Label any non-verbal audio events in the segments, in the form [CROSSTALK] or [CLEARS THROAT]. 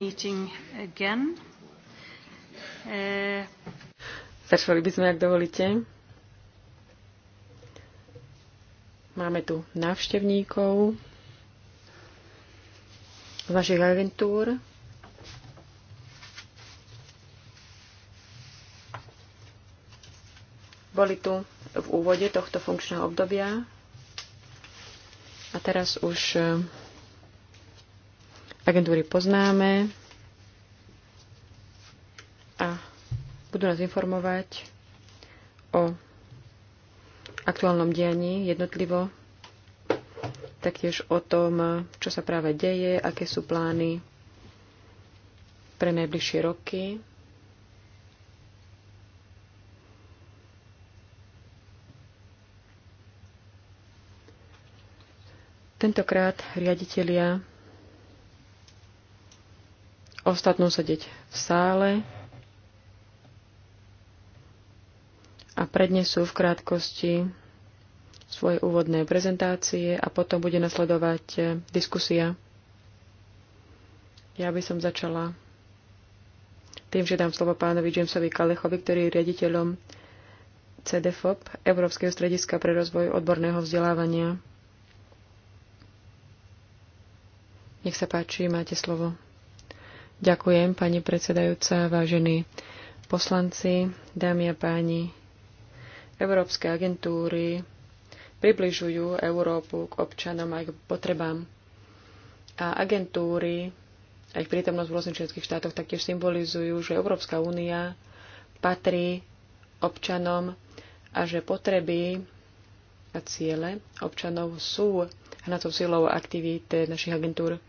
meeting again. Uh... Začali by sme, ak dovolíte. Máme tu návštevníkov z našich agentúr. Boli tu v úvode tohto funkčného obdobia a teraz už eh, Agentúry poznáme a budú nás informovať o aktuálnom dianí jednotlivo, taktiež o tom, čo sa práve deje, aké sú plány pre najbližšie roky. Tentokrát riaditelia ostatnú sedieť v sále a prednesú v krátkosti svoje úvodné prezentácie a potom bude nasledovať eh, diskusia. Ja by som začala tým, že dám slovo pánovi Jamesovi Kalechovi, ktorý je riaditeľom CDFOP, Európskeho strediska pre rozvoj odborného vzdelávania. Nech sa páči, máte slovo. Ďakujem, pani predsedajúca, vážení poslanci, dámy a páni. Európske agentúry približujú Európu k občanom aj k potrebám. A agentúry aj ich prítomnosť v rôznych členských štátoch taktiež symbolizujú, že Európska únia patrí občanom a že potreby a ciele občanov sú hnacou silou aktivít našich agentúr.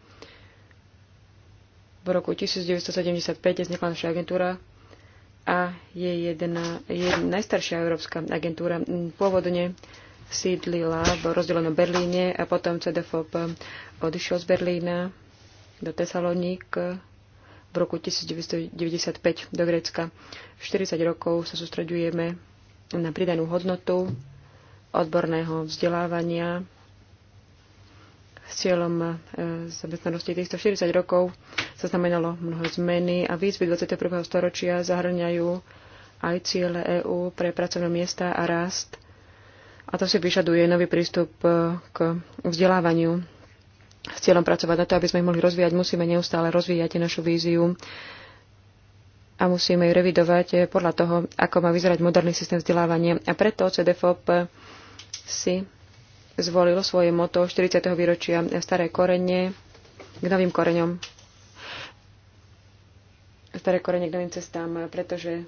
V roku 1975 vznikla naša agentúra a je jedna, je najstaršia európska agentúra. Pôvodne sídlila v rozdelenom Berlíne a potom CDFOP odišiel z Berlína do Tesaloník v roku 1995 do Grécka. 40 rokov sa sústredujeme na pridanú hodnotu odborného vzdelávania s cieľom eh, zamestnanosti týchto 40 rokov znamenalo mnoho zmeny a výzvy 21. storočia zahrňajú aj ciele EÚ pre pracovné miesta a rast. A to si vyžaduje nový prístup e, k vzdelávaniu s cieľom pracovať na to, aby sme ich mohli rozvíjať, musíme neustále rozvíjať našu víziu a musíme ju revidovať e, podľa toho, ako má vyzerať moderný systém vzdelávania. A preto CDFOP si zvolilo svoje moto 40. výročia staré korene k novým koreňom staré korene k novým cestám, pretože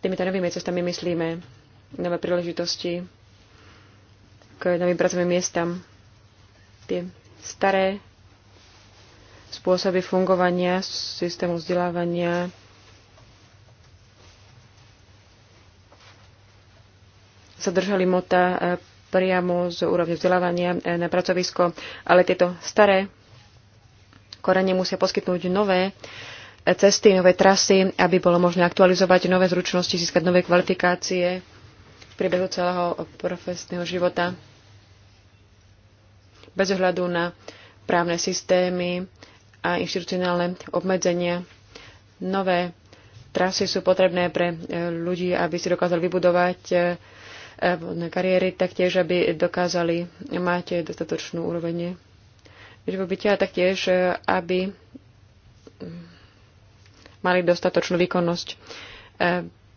týmito novými cestami myslíme nové príležitosti k novým pracovným miestam. Tie staré spôsoby fungovania systému vzdelávania sa držali mota eh, priamo z úrovne vzdelávania eh, na pracovisko, ale tieto staré korene musia poskytnúť nové e, cesty, nové trasy, aby bolo možné aktualizovať nové zručnosti, získať nové kvalifikácie v priebehu celého profesného života. Bez ohľadu na právne systémy a inštitucionálne obmedzenia. Nové trasy sú potrebné pre e, ľudí, aby si dokázali vybudovať e, kariéry, taktiež, aby dokázali mať dostatočnú úroveň živobytia taktiež, e, aby mali dostatočnú výkonnosť. E,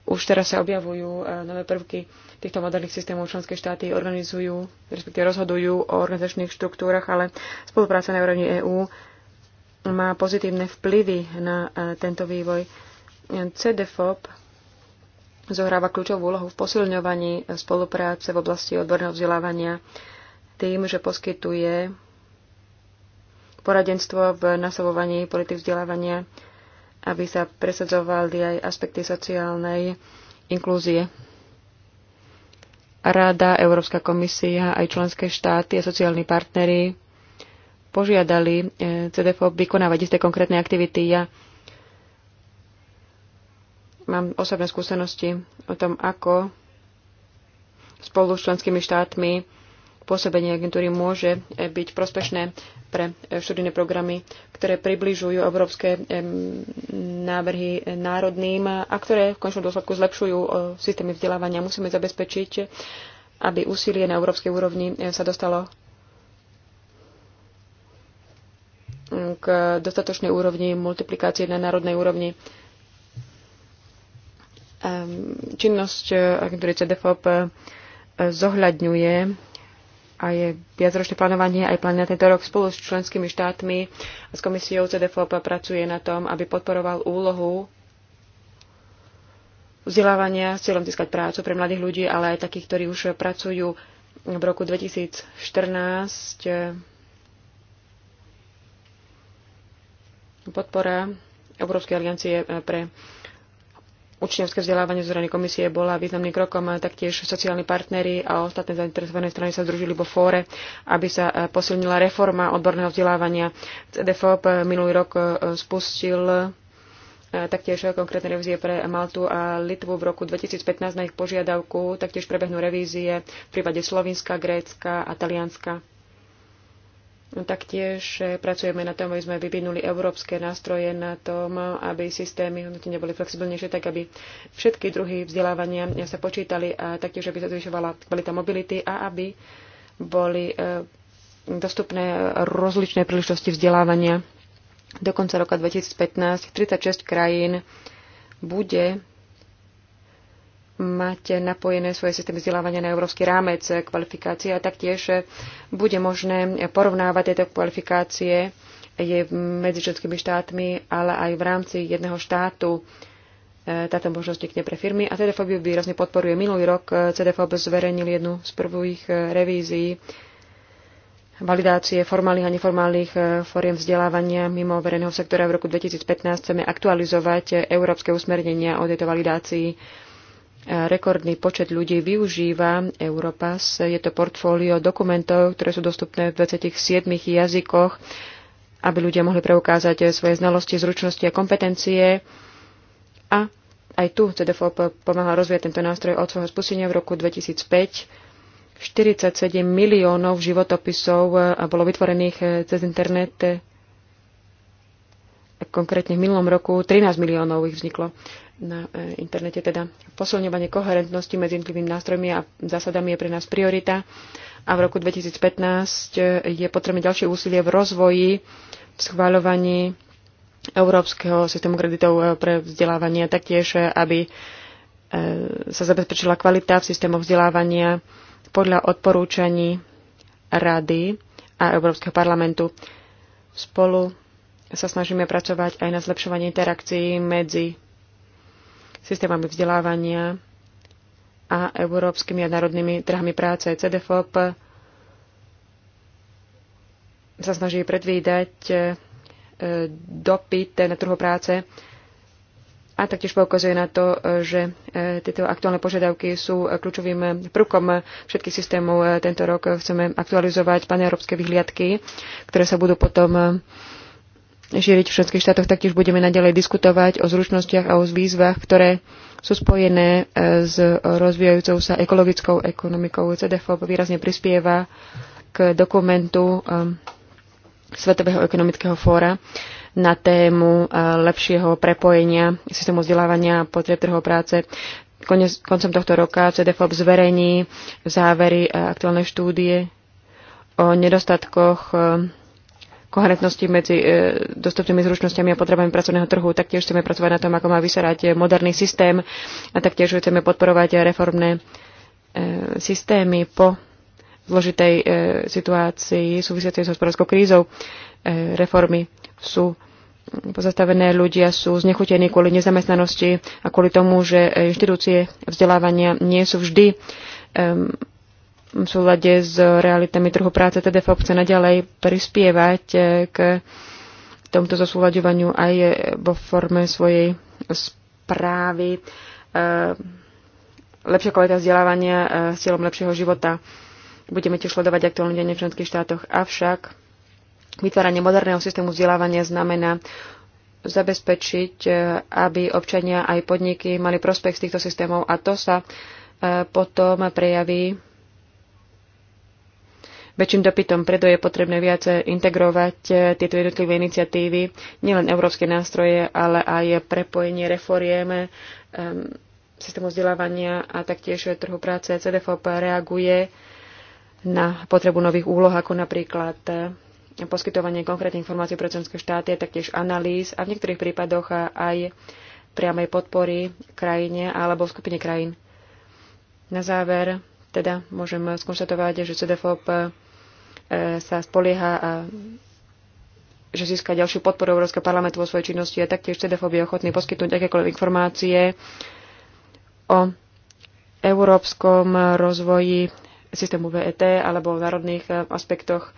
už teraz sa objavujú e, nové prvky týchto moderných systémov. Členské štáty organizujú, respektíve rozhodujú o organizačných štruktúrach, ale spolupráca na úrovni EÚ má pozitívne vplyvy na tento vývoj. CDFOP zohráva kľúčovú úlohu v posilňovaní spolupráce v oblasti odborného vzdelávania tým, že poskytuje poradenstvo v nasobovaní politik vzdelávania, aby sa presadzovali aj aspekty sociálnej inklúzie. Rada, Európska komisia, aj členské štáty a sociálni partnery požiadali e, CDFO vykonávať isté konkrétne aktivity. Ja mám osobné skúsenosti o tom, ako spolu s členskými štátmi pôsobenie agentúry môže eh, byť prospešné pre eh, študijné programy, ktoré približujú európske eh, návrhy národným a ktoré v končnom dôsledku zlepšujú systémy vzdelávania. Musíme zabezpečiť, aby úsilie na európskej úrovni sa dostalo mm, k dostatočnej úrovni multiplikácie na národnej úrovni. Ehm, činnosť agentúry CDFOP zohľadňuje a je viacročné plánovanie aj plán na tento rok spolu s členskými štátmi a s komisiou CDFOP pracuje na tom, aby podporoval úlohu vzdelávania s cieľom získať prácu pre mladých ľudí, ale aj takých, ktorí už pracujú v roku 2014 podpora Európskej aliancie pre učňovské vzdelávanie zo strany komisie bola významným krokom. Taktiež sociálni partnery a ostatné zainteresované strany sa združili vo fóre, aby sa eh, posilnila reforma odborného vzdelávania. CDFOP eh, minulý rok eh, spustil taktiež konkrétne revízie pre Maltu a Litvu v roku 2015 na ich požiadavku. Taktiež prebehnú revízie v prípade Slovinska, Grécka a Talianska. No, taktiež eh, pracujeme na tom, aby sme vyvinuli európske nástroje na tom, aby systémy hodnotenia boli flexibilnejšie, tak aby všetky druhy vzdelávania sa počítali a taktiež, aby sa zvyšovala kvalita mobility a aby boli eh, dostupné rozličné príležitosti vzdelávania. Do konca roka 2015 36 krajín bude mať napojené svoje systémy vzdelávania na európsky rámec kvalifikácie a taktiež bude možné porovnávať tieto kvalifikácie je medzi členskými štátmi, ale aj v rámci jedného štátu e, táto možnosť vznikne pre firmy. A CDFOB výrazne podporuje. Minulý rok CDFOB zverejnil jednu z prvých e, revízií validácie formálnych a neformálnych e, fóriem vzdelávania mimo verejného sektora v roku 2015 chceme aktualizovať európske usmernenia o tejto validácii rekordný počet ľudí využíva Europass. Je to portfólio dokumentov, ktoré sú dostupné v 27 jazykoch, aby ľudia mohli preukázať svoje znalosti, zručnosti a kompetencie. A aj tu CDFOP pomáha rozvíjať tento nástroj od svojho spustenia v roku 2005 47 miliónov životopisov eh, bolo vytvorených eh, cez internet konkrétne v minulom roku 13 miliónov ich vzniklo na e, internete. Teda posilňovanie koherentnosti medzi jednotlivými nástrojmi a zásadami je pre nás priorita a v roku 2015 e, je potrebné ďalšie úsilie v rozvoji, v schváľovaní európskeho systému kreditov e, pre vzdelávanie, taktiež aby sa zabezpečila kvalita v systému vzdelávania podľa odporúčaní Rady a Európskeho parlamentu. Spolu sa snažíme pracovať aj na zlepšovanie interakcií medzi systémami vzdelávania a európskymi a národnými trhami práce. CDFOP sa snaží predvídať e, dopyt na trhu práce a taktiež poukazuje na to, e, že e, tieto aktuálne požiadavky sú kľúčovým prvkom všetkých systémov. Tento rok chceme aktualizovať európske vyhliadky, ktoré sa budú potom šíriť v členských štátoch, taktiež budeme naďalej diskutovať o zručnostiach a o výzvach, ktoré sú spojené e, s rozvíjajúcou sa ekologickou ekonomikou. CDFOB výrazne prispieva k dokumentu e, Svetového ekonomického fóra na tému e, lepšieho prepojenia systému vzdelávania a potrieb trhov práce. Konec, koncom tohto roka CDFOB zverejní závery aktuálnej štúdie o nedostatkoch koherentnosti medzi e, dostupnými zručnosťami a potrebami pracovného trhu. Taktiež chceme pracovať na tom, ako má vyserať moderný systém a taktiež chceme podporovať reformné e, systémy po zložitej e, situácii súvisiacej s hospodárskou krízou. E, reformy sú pozastavené, ľudia sú znechutení kvôli nezamestnanosti a kvôli tomu, že inštitúcie vzdelávania nie sú vždy v súlade s realitami trhu práce TDFOP chce naďalej prispievať eh, k tomto zosúľaďovaniu aj eh, vo forme svojej správy. Eh, lepšia kvalita vzdelávania s cieľom lepšieho života. Budeme tiež sledovať aktuálne denne v členských štátoch. Avšak vytváranie moderného systému vzdelávania znamená zabezpečiť, aby občania aj podniky mali prospech z týchto systémov a to sa potom prejaví väčším dopytom. Preto je potrebné viac integrovať eh, tieto jednotlivé iniciatívy, nielen európske nástroje, ale aj prepojenie reforiem eh, systému vzdelávania a taktiež trhu práce. CDFOP reaguje na potrebu nových úloh, ako napríklad eh, poskytovanie konkrétnych informácií pre členské štáty, taktiež analýz a v niektorých prípadoch aj priamej podpory krajine alebo skupine krajín. Na záver teda môžem skonštatovať, že CDFOP E, sa spolieha a e, že získa ďalšiu podporu Európskeho parlamentu vo svojej činnosti a taktiež CDF je ochotný poskytnúť akékoľvek informácie o európskom rozvoji systému VET alebo o národných e, aspektoch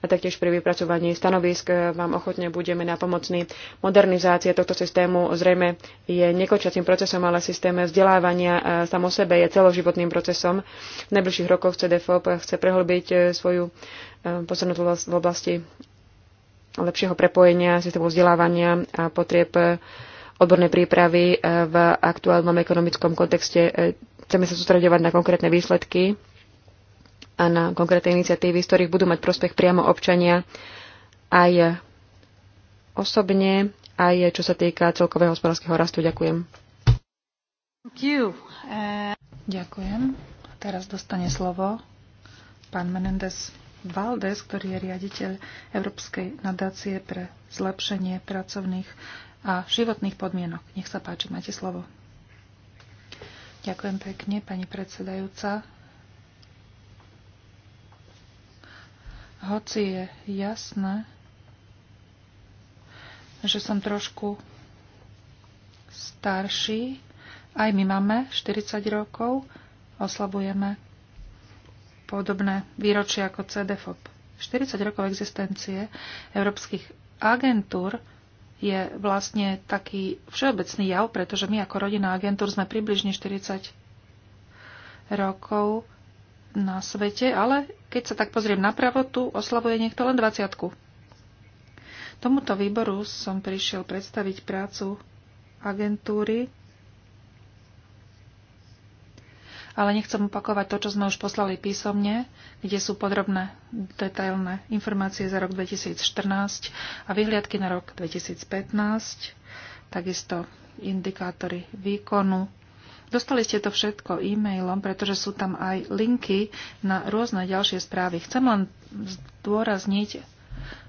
a taktiež pri vypracovaní stanovisk vám ochotne budeme na pomocný. Modernizácia tohto systému zrejme je nekočiacím procesom, ale systém vzdelávania samo sebe je celoživotným procesom. V najbližších rokoch CDFOP chce prehlbiť svoju posunúť v oblasti lepšieho prepojenia systému vzdelávania a potrieb odbornej prípravy v aktuálnom ekonomickom kontexte. Chceme sa sústredovať na konkrétne výsledky a na konkrétne iniciatívy, z ktorých budú mať prospech priamo občania aj osobne, aj čo sa týka celkového hospodárskeho rastu. Ďakujem. Uh, Ďakujem. Teraz dostane slovo pán Menendez. Valdes, ktorý je riaditeľ Európskej nadácie pre zlepšenie pracovných a životných podmienok. Nech sa páči, máte slovo. Ďakujem pekne, pani predsedajúca. Hoci je jasné, že som trošku starší, aj my máme 40 rokov, oslabujeme podobné výročie ako CDFOP. 40 rokov existencie európskych agentúr je vlastne taký všeobecný jav, pretože my ako rodina agentúr sme približne 40 rokov na svete, ale keď sa tak pozriem napravo, tu oslavuje niekto len 20. -ku. Tomuto výboru som prišiel predstaviť prácu agentúry ale nechcem opakovať to, čo sme už poslali písomne, kde sú podrobné detailné informácie za rok 2014 a vyhliadky na rok 2015, takisto indikátory výkonu. Dostali ste to všetko e-mailom, pretože sú tam aj linky na rôzne ďalšie správy. Chcem len zdôrazniť,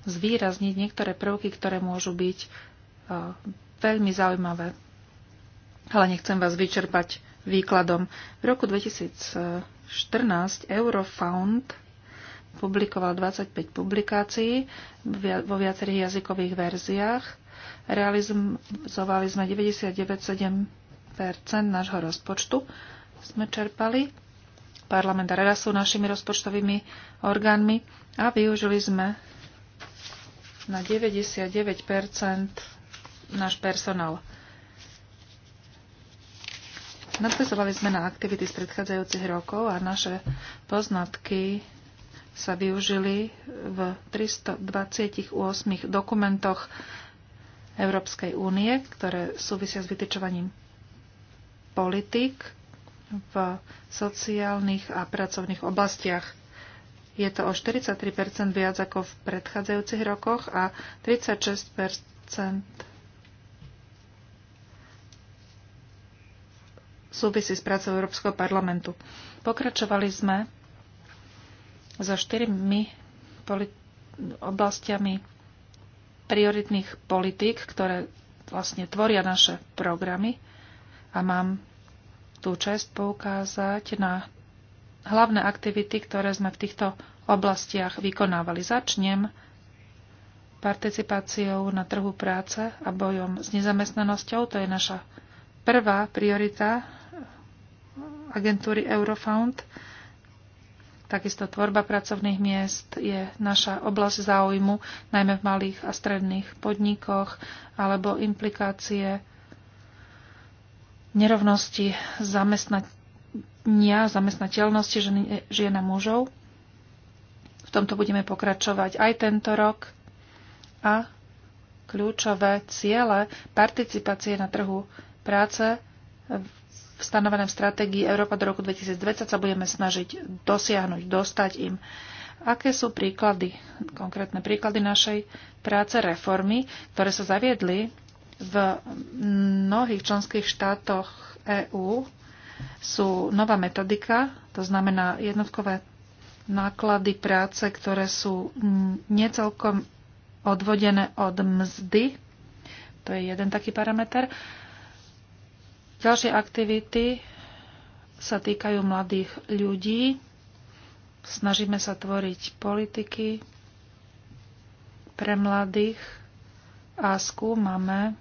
zvýrazniť niektoré prvky, ktoré môžu byť e, veľmi zaujímavé. Ale nechcem vás vyčerpať výkladom. V roku 2014 Eurofound publikoval 25 publikácií vo viacerých jazykových verziách. Realizovali sme 99,7 nášho rozpočtu. Sme čerpali. Parlament a rada sú našimi rozpočtovými orgánmi a využili sme na 99 náš personál. Nadvezovali sme na aktivity z predchádzajúcich rokov a naše poznatky sa využili v 328 dokumentoch Európskej únie, ktoré súvisia s vytyčovaním politik v sociálnych a pracovných oblastiach. Je to o 43 viac ako v predchádzajúcich rokoch a 36 súvisí s prácou Európskeho parlamentu. Pokračovali sme so štyrmi oblastiami prioritných politík, ktoré vlastne tvoria naše programy a mám tú čest poukázať na hlavné aktivity, ktoré sme v týchto oblastiach vykonávali. Začnem participáciou na trhu práce a bojom s nezamestnanosťou. To je naša prvá priorita agentúry Eurofound. Takisto tvorba pracovných miest je naša oblasť záujmu, najmä v malých a stredných podnikoch, alebo implikácie nerovnosti zamestnania, zamestnateľnosti žien a mužov. V tomto budeme pokračovať aj tento rok a kľúčové ciele participácie na trhu práce v v stanovené v stratégii Európa do roku 2020 sa budeme snažiť dosiahnuť, dostať im. Aké sú príklady, konkrétne príklady našej práce reformy, ktoré sa zaviedli v mnohých členských štátoch EÚ? Sú nová metodika, to znamená jednotkové náklady práce, ktoré sú necelkom odvodené od mzdy. To je jeden taký parameter Ďalšie aktivity sa týkajú mladých ľudí. Snažíme sa tvoriť politiky pre mladých a skúmame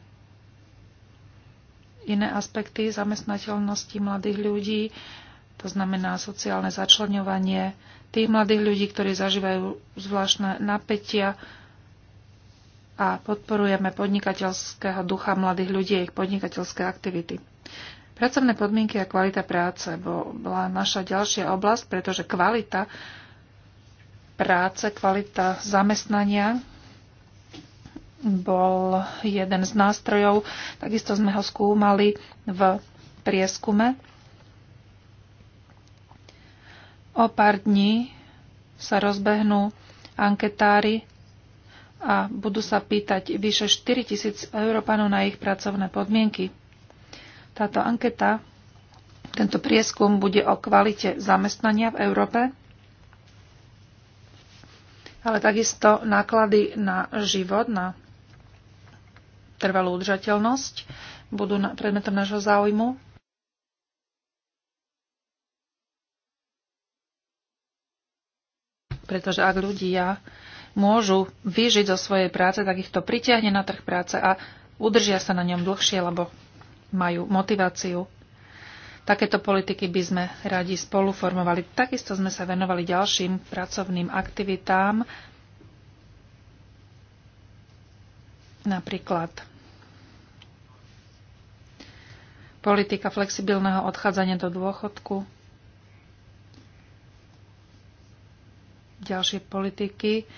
iné aspekty zamestnateľnosti mladých ľudí, to znamená sociálne začlenovanie tých mladých ľudí, ktorí zažívajú zvláštne napätia a podporujeme podnikateľského ducha mladých ľudí a ich podnikateľské aktivity. Pracovné podmienky a kvalita práce bola naša ďalšia oblasť, pretože kvalita práce, kvalita zamestnania bol jeden z nástrojov. Takisto sme ho skúmali v prieskume. O pár dní sa rozbehnú anketári a budú sa pýtať vyše 4 tisíc Európanov na ich pracovné podmienky. Táto anketa, tento prieskum bude o kvalite zamestnania v Európe, ale takisto náklady na život, na trvalú udržateľnosť budú predmetom nášho záujmu. Pretože ak ľudia môžu vyžiť zo svojej práce, tak ich to pritiahne na trh práce a udržia sa na ňom dlhšie, lebo majú motiváciu. Takéto politiky by sme radi spolu formovali. Takisto sme sa venovali ďalším pracovným aktivitám, napríklad politika flexibilného odchádzania do dôchodku, ďalšie politiky,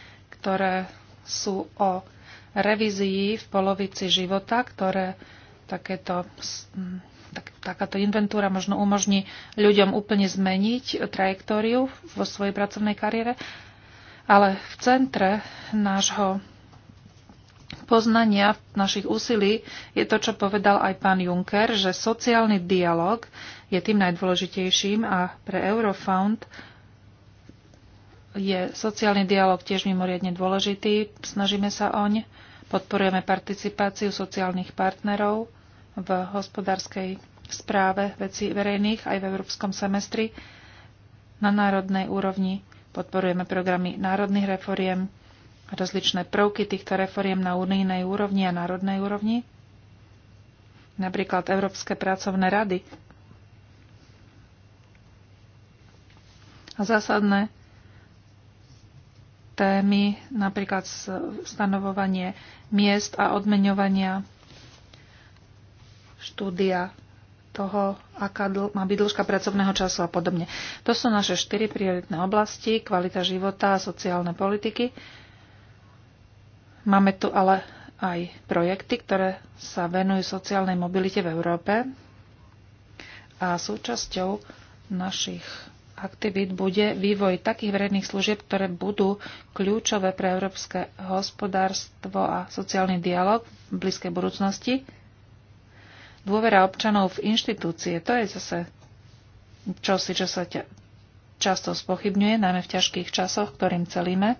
ktoré sú o revízii v polovici života, ktoré takéto, tak, takáto inventúra možno umožní ľuďom úplne zmeniť trajektóriu vo svojej pracovnej kariére. Ale v centre nášho poznania našich úsilí je to, čo povedal aj pán Juncker, že sociálny dialog je tým najdôležitejším a pre Eurofound je sociálny dialog tiež mimoriadne dôležitý. Snažíme sa oň. Podporujeme participáciu sociálnych partnerov v hospodárskej správe veci verejných aj v európskom semestri. Na národnej úrovni podporujeme programy národných reforiem, rozličné prvky týchto reforiem na unijnej úrovni a národnej úrovni, napríklad Európske pracovné rady. A zásadné témy, napríklad stanovovanie miest a odmeňovania, štúdia toho, aká dl- má byť dĺžka pracovného času a podobne. To sú naše štyri prioritné oblasti, kvalita života a sociálne politiky. Máme tu ale aj projekty, ktoré sa venujú sociálnej mobilite v Európe a súčasťou našich aktivít bude vývoj takých verejných služieb, ktoré budú kľúčové pre európske hospodárstvo a sociálny dialog v blízkej budúcnosti. Dôvera občanov v inštitúcie, to je zase čosi, čo sa ťa často spochybňuje, najmä v ťažkých časoch, ktorým celíme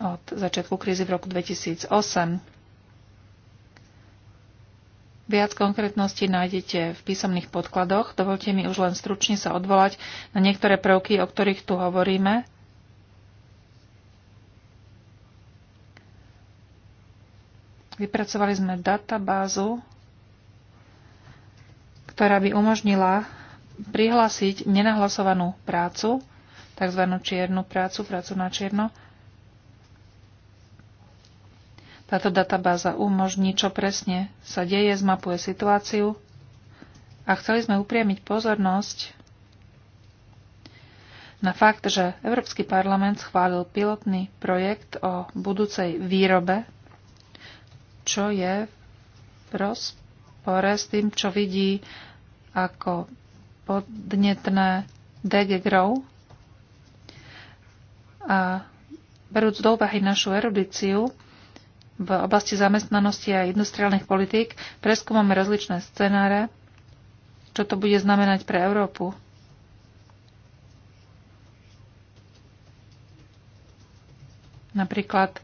od začiatku krízy v roku 2008 Viac konkrétnosti nájdete v písomných podkladoch. Dovolte mi už len stručne sa odvolať na niektoré prvky, o ktorých tu hovoríme. Vypracovali sme databázu, ktorá by umožnila prihlásiť nenahlasovanú prácu, tzv. čiernu prácu, prácu na čierno, Táto databáza umožní, čo presne sa deje, zmapuje situáciu a chceli sme upriamiť pozornosť na fakt, že Európsky parlament schválil pilotný projekt o budúcej výrobe, čo je v rozpore s tým, čo vidí ako podnetné DG Grow a berúc do úvahy našu erudíciu, v oblasti zamestnanosti a industriálnych politík preskúmame rozličné scenáre, čo to bude znamenať pre Európu. Napríklad,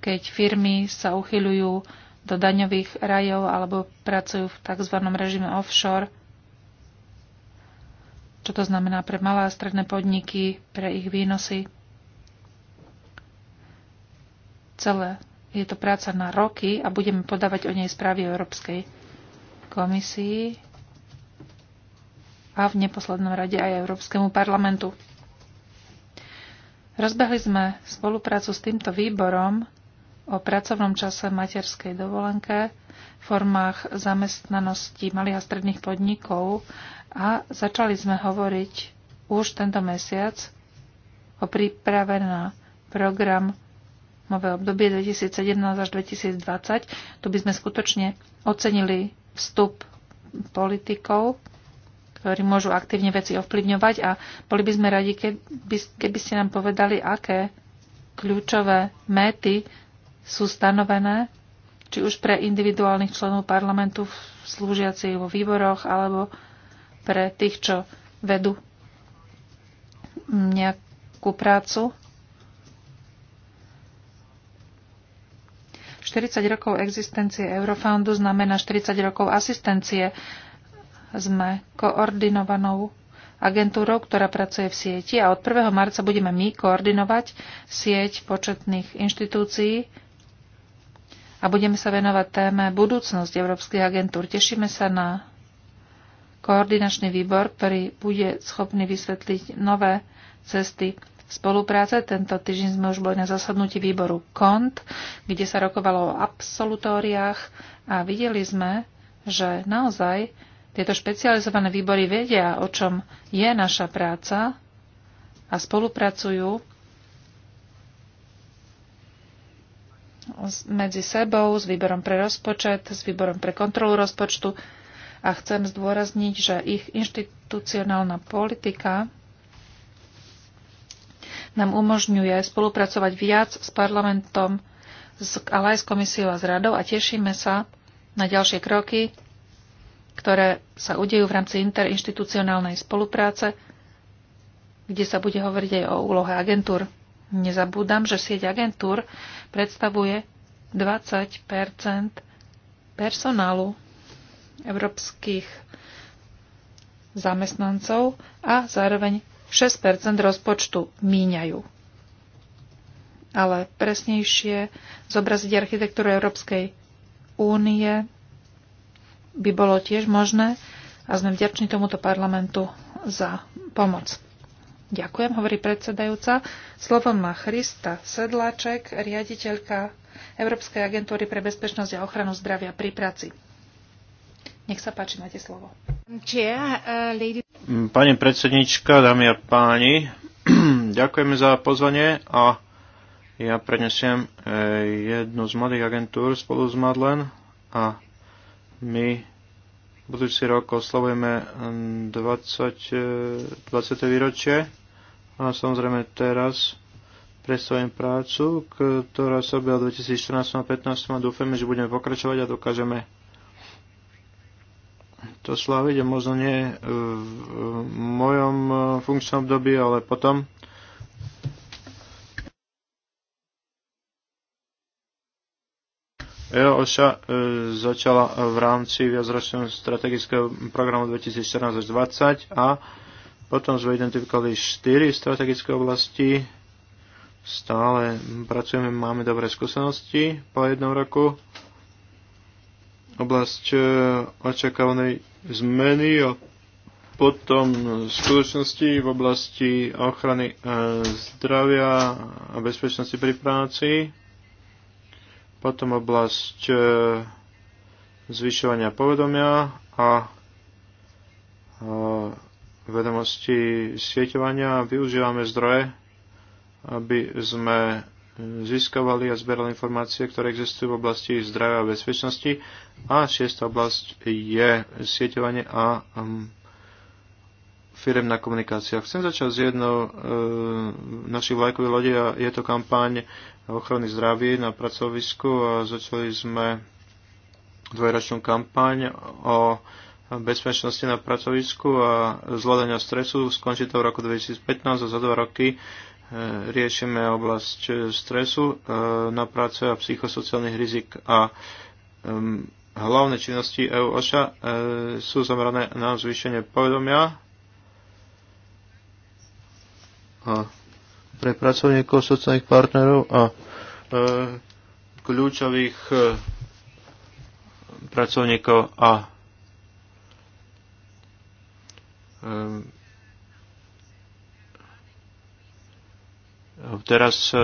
keď firmy sa uchyľujú do daňových rajov alebo pracujú v tzv. režime offshore, čo to znamená pre malé a stredné podniky, pre ich výnosy. Celé je to práca na roky a budeme podávať o nej správy Európskej komisii a v neposlednom rade aj Európskemu parlamentu. Rozbehli sme spoluprácu s týmto výborom o pracovnom čase materskej dovolenke, formách zamestnanosti malých a stredných podnikov a začali sme hovoriť už tento mesiac o príprave na program nové obdobie 2017 až 2020. Tu by sme skutočne ocenili vstup politikov, ktorí môžu aktívne veci ovplyvňovať a boli by sme radi, keby, keby ste nám povedali, aké kľúčové méty sú stanovené, či už pre individuálnych členov parlamentu slúžiacich vo výboroch alebo pre tých, čo vedú nejakú prácu 40 rokov existencie Eurofoundu znamená 40 rokov asistencie. Sme koordinovanou agentúrou, ktorá pracuje v sieti a od 1. marca budeme my koordinovať sieť početných inštitúcií a budeme sa venovať téme budúcnosť európskych agentúr. Tešíme sa na koordinačný výbor, ktorý bude schopný vysvetliť nové cesty spolupráce. Tento týždeň sme už boli na zasadnutí výboru KONT, kde sa rokovalo o absolutóriách a videli sme, že naozaj tieto špecializované výbory vedia, o čom je naša práca a spolupracujú medzi sebou, s výborom pre rozpočet, s výborom pre kontrolu rozpočtu a chcem zdôrazniť, že ich inštitucionálna politika nám umožňuje spolupracovať viac s parlamentom, ale aj s komisiou a s radou a tešíme sa na ďalšie kroky, ktoré sa udejú v rámci interinstitucionálnej spolupráce, kde sa bude hovoriť aj o úlohe agentúr. Nezabúdam, že sieť agentúr predstavuje 20 personálu európskych zamestnancov a zároveň 6 rozpočtu míňajú. Ale presnejšie zobraziť architektúru Európskej únie by bolo tiež možné a sme vďační tomuto parlamentu za pomoc. Ďakujem, hovorí predsedajúca. Slovom má Christa Sedláček, riaditeľka Európskej agentúry pre bezpečnosť a ochranu zdravia pri práci. Nech sa páči, máte slovo. Uh, mm, pani predsednička, dámy a páni, [CLEARS THROAT] ďakujeme za pozvanie a ja prenesiem eh, jednu z mladých agentúr spolu s Madlen a my budúci rok oslavujeme 20, mm, 20. Eh, výročie a samozrejme teraz predstavím prácu, ktorá sa objavila 2014 a 2015 a dúfame, že budeme pokračovať a dokážeme to sláviť a možno nie v mojom e, funkčnom období, ale potom. EOŠA e, začala v rámci viacročného strategického programu 2014 2020 a potom sme identifikovali 4 strategické oblasti. Stále pracujeme, máme dobré skúsenosti po jednom roku oblasť e, očakávanej zmeny a potom v skutočnosti v oblasti ochrany e, zdravia a bezpečnosti pri práci, potom oblasť e, zvyšovania povedomia a vedomosti sieťovania. Využívame zdroje, aby sme získavali a zberali informácie, ktoré existujú v oblasti zdravia a bezpečnosti. A šiesta oblasť je sieťovanie a um, firemná komunikácia. Chcem začať s jednou e, našich vlajkových lodi a je to kampaň ochrany zdraví na pracovisku a začali sme dvojročnú kampaň o bezpečnosti na pracovisku a zvládania stresu. Skončí to v roku 2015 a za dva roky riešime oblasť e, stresu e, na práce a psychosociálnych rizik a hlavné činnosti EU OŠA e, sú zamerané na zvýšenie povedomia a pre pracovníkov, sociálnych partnerov a kľúčových pracovníkov a Teraz e,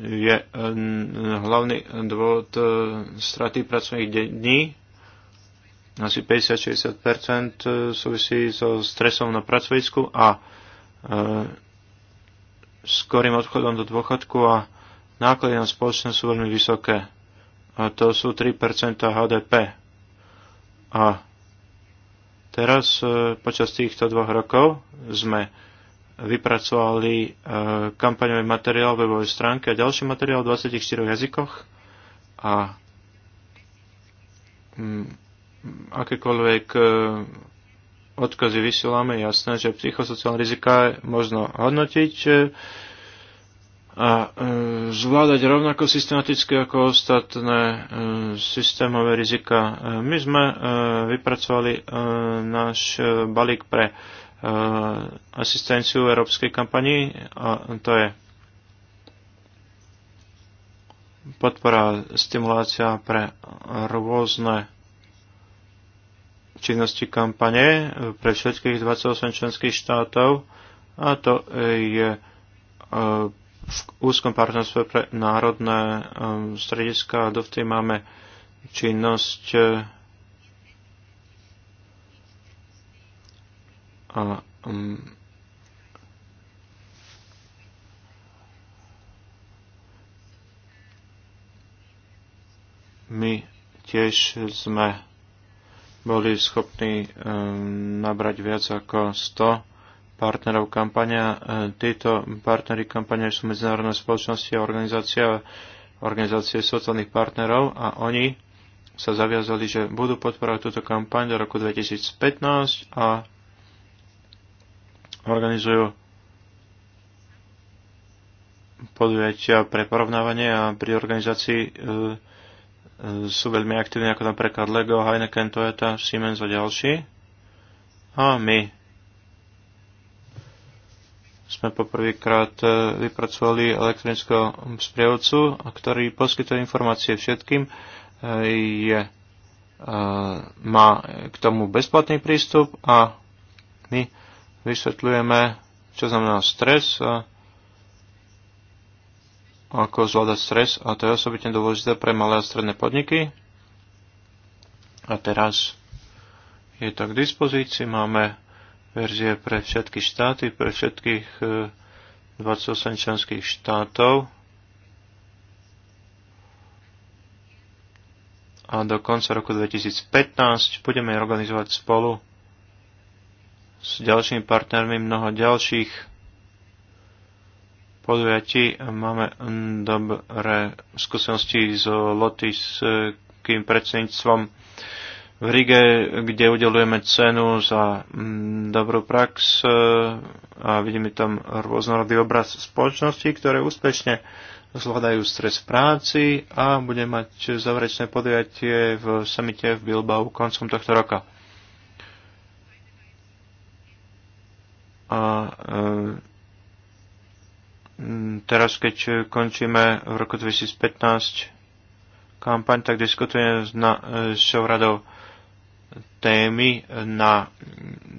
je e, hlavný dôvod e, straty pracovných dní asi 50-60% súvisí so stresom na pracovisku a skorým odchodom do dôchodku a náklady na spoločnosť sú veľmi vysoké. A to sú 3% HDP. A teraz počas týchto dvoch rokov sme vypracovali e, kampaňový materiál webovej stránke a ďalší materiál v 24 jazykoch a mm, akékoľvek e, odkazy vysielame, je jasné, že psychosociálne rizika je možno hodnotiť e, a zvládať rovnako systematicky ako ostatné systémové rizika. My sme vypracovali náš balík pre Eh, asistenciu európskej kampani a to je podpora, stimulácia pre rôzne činnosti kampane pre všetkých 28 členských štátov a to je eh, v úzkom partnerstve pre národné eh, strediska a dovtedy máme činnosť a um, my tiež sme boli schopní um, nabrať viac ako 100 partnerov kampania. Uh, títo partnery kampania sú medzinárodné spoločnosti a organizácia, organizácie sociálnych partnerov a oni sa zaviazali, že budú podporovať túto kampaň do roku 2015 a organizujú podujatia pre porovnávanie a pri organizácii e, e, sú veľmi aktívni, ako napríklad Lego, Heineken, Toyota, Siemens a ďalší. A my sme poprvýkrát e, vypracovali elektronického sprievodcu, ktorý poskytuje informácie všetkým. E, je, má k tomu bezplatný prístup a my vysvetľujeme, čo znamená stres a ako zvládať stres a to je osobitne dôležité pre malé a stredné podniky. A teraz je to k dispozícii, máme verzie pre všetky štáty, pre všetkých 28 e, členských štátov. A do konca roku 2015 budeme organizovať spolu s ďalšími partnermi mnoho ďalších podujatí. Máme dobré skúsenosti s kým predsedníctvom v Rige, kde udelujeme cenu za mm, dobrú prax e, a vidíme tam rôznorodý obraz spoločnosti, ktoré úspešne zvládajú stres v práci a bude mať záverečné podujatie v samite v Bilbao koncom tohto roka. A e, teraz, keď končíme v roku 2015 kampaň, tak diskutujeme s našou e, radou témy na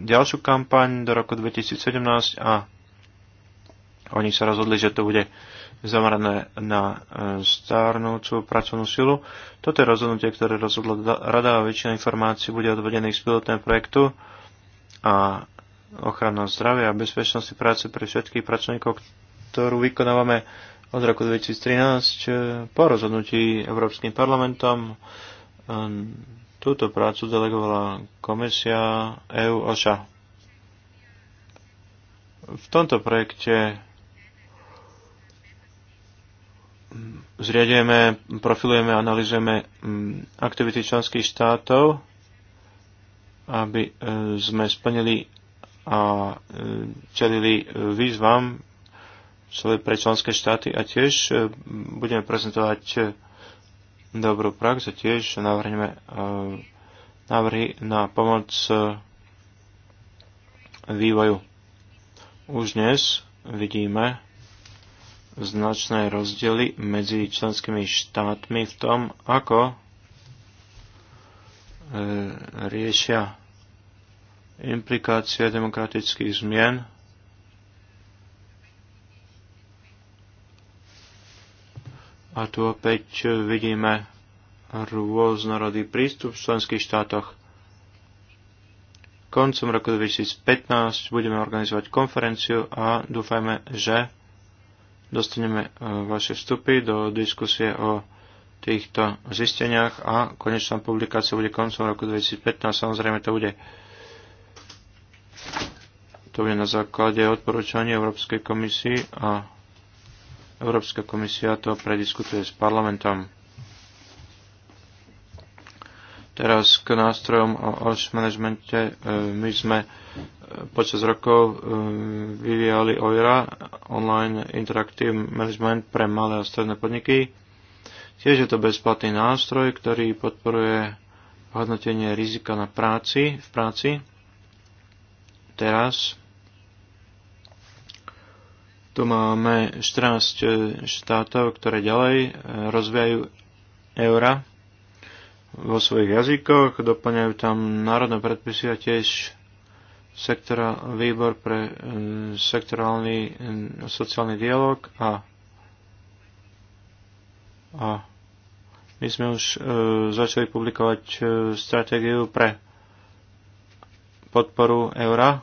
ďalšiu kampaň do roku 2017 a oni sa rozhodli, že to bude zamerané na e, starnúcu pracovnú silu. Toto je rozhodnutie, ktoré rozhodla rada a väčšina informácií bude odvedených z pilotného projektu a ochranou zdravia a bezpečnosti práce pre všetkých pracovníkov, ktorú vykonávame od roku 2013 eh, po rozhodnutí Európskym parlamentom. Ehm, túto prácu delegovala komisia EU OŠA. V tomto projekte mm, zriadujeme, profilujeme, analizujeme mm, aktivity členských štátov, aby eh, sme splnili a e, čelili e, výzvam pre členské štáty a tiež e, budeme prezentovať dobrú prax a tiež navrhneme návrhy na pomoc vývoju. Už dnes vidíme značné rozdiely medzi členskými štátmi v tom, ako riešia implikácie demokratických zmien A tu opäť vidíme rôznorodý prístup v členských štátoch. Koncom roku 2015 budeme organizovať konferenciu a dúfajme, že dostaneme e, vaše vstupy do diskusie o týchto zisteniach a konečná publikácia bude koncom roku 2015. Samozrejme to bude to bude na základe odporúčania Európskej komisii a Európska komisia to prediskutuje s parlamentom. Teraz k nástrojom o OS managemente. My sme e, počas rokov e, vyvíjali OIRA, Online Interactive Management pre malé a stredné podniky. Tiež je to bezplatný nástroj, ktorý podporuje hodnotenie rizika na práci, v práci. Teraz tu máme 14 e, štátov, ktoré ďalej e, rozvíjajú eura vo svojich jazykoch, doplňajú tam národné predpisy a tiež sektora, výbor pre e, sektorálny sociálny dialog a, a my sme už e, začali publikovať e, stratégiu pre podporu eura,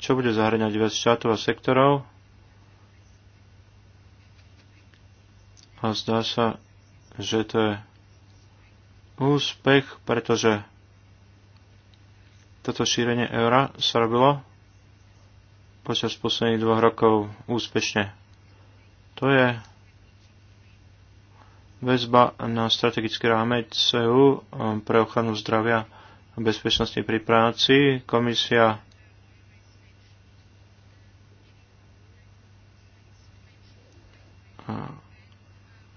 čo bude zahrňať viac štátov a sektorov A zdá sa, že to je úspech, pretože toto šírenie eura sa robilo počas posledných dvoch rokov úspešne. To je väzba na strategický rámec EU um, pre ochranu zdravia a bezpečnosti pri práci. Komisia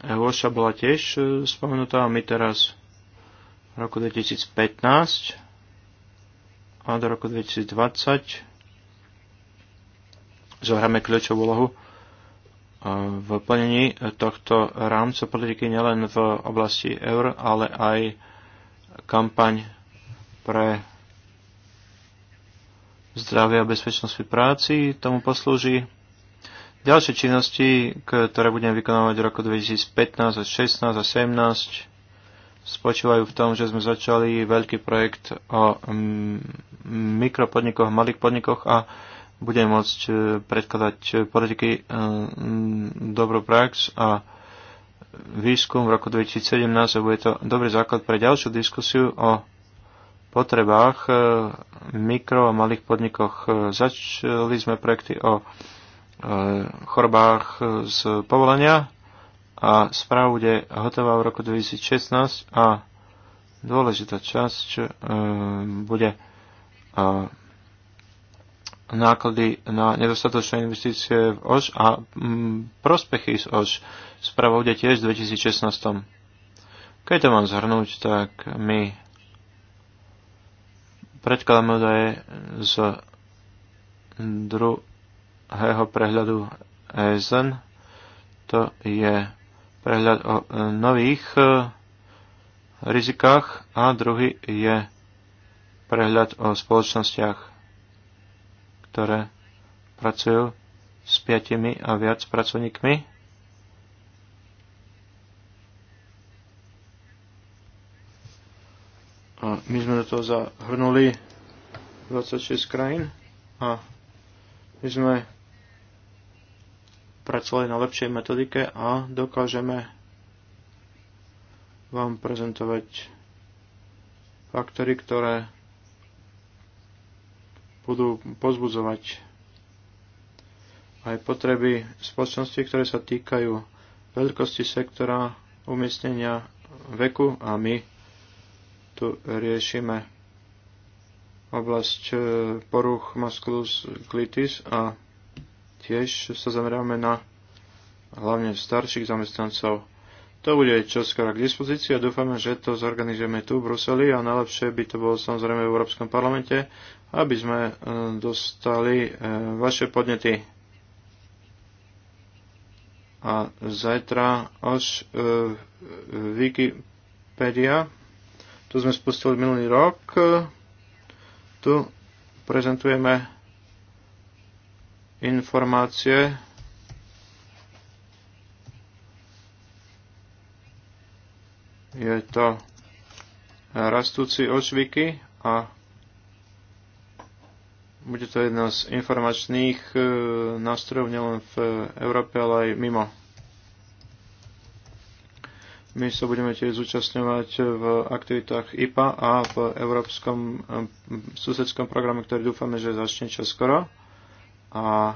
Loša bola tiež e, spomenutá a my teraz v roku 2015 a do roku 2020 zohráme kľúčovú úlohu e, v plnení tohto rámca politiky nielen v oblasti eur, ale aj kampaň pre zdravie a bezpečnosť v práci. Tomu poslúži ďalšie činnosti, ktoré budem vykonávať v roku 2015 2016 16 a 2017, spočívajú v tom, že sme začali veľký projekt o mm, mikropodnikoch, malých podnikoch a budem môcť e, predkladať politiky e, mm, dobrú prax a výskum v roku 2017 a bude to dobrý základ pre ďalšiu diskusiu o potrebách e, mikro a malých podnikoch. Začali sme projekty o E, chorobách e, z povolenia a správa bude hotová v roku 2016 a dôležitá časť e, bude náklady na nedostatočné investície v OŠ a prospechy z OŠ. Správa bude tiež v 2016. Keď to mám zhrnúť, tak my predkladáme údaje z dru- prehľadu Ezen. To je prehľad o e, nových e, rizikách a druhý je prehľad o spoločnostiach, ktoré pracujú s piatimi a viac pracovníkmi. A my sme do toho zahrnuli 26 krajín a my sme pracovali na lepšej metodike a dokážeme vám prezentovať faktory, ktoré budú pozbudzovať aj potreby spoločnosti, ktoré sa týkajú veľkosti sektora, umiestnenia veku a my tu riešime oblasť e, poruch masculus glitis a Tiež sa zameráme na hlavne starších zamestnancov. To bude čoskoro k dispozícii a dúfame, že to zorganizujeme tu v Bruseli a najlepšie by to bolo samozrejme v Európskom parlamente, aby sme e, dostali e, vaše podnety. A zajtra až e, Wikipedia, tu sme spustili minulý rok, tu prezentujeme informácie je to rastúci očviky a bude to jedna z informačných e, nástrojov nielen v Európe, ale aj mimo. My sa budeme tiež zúčastňovať v aktivitách IPA a v Európskom e, susedskom programe, ktorý dúfame, že začne čoskoro. skoro a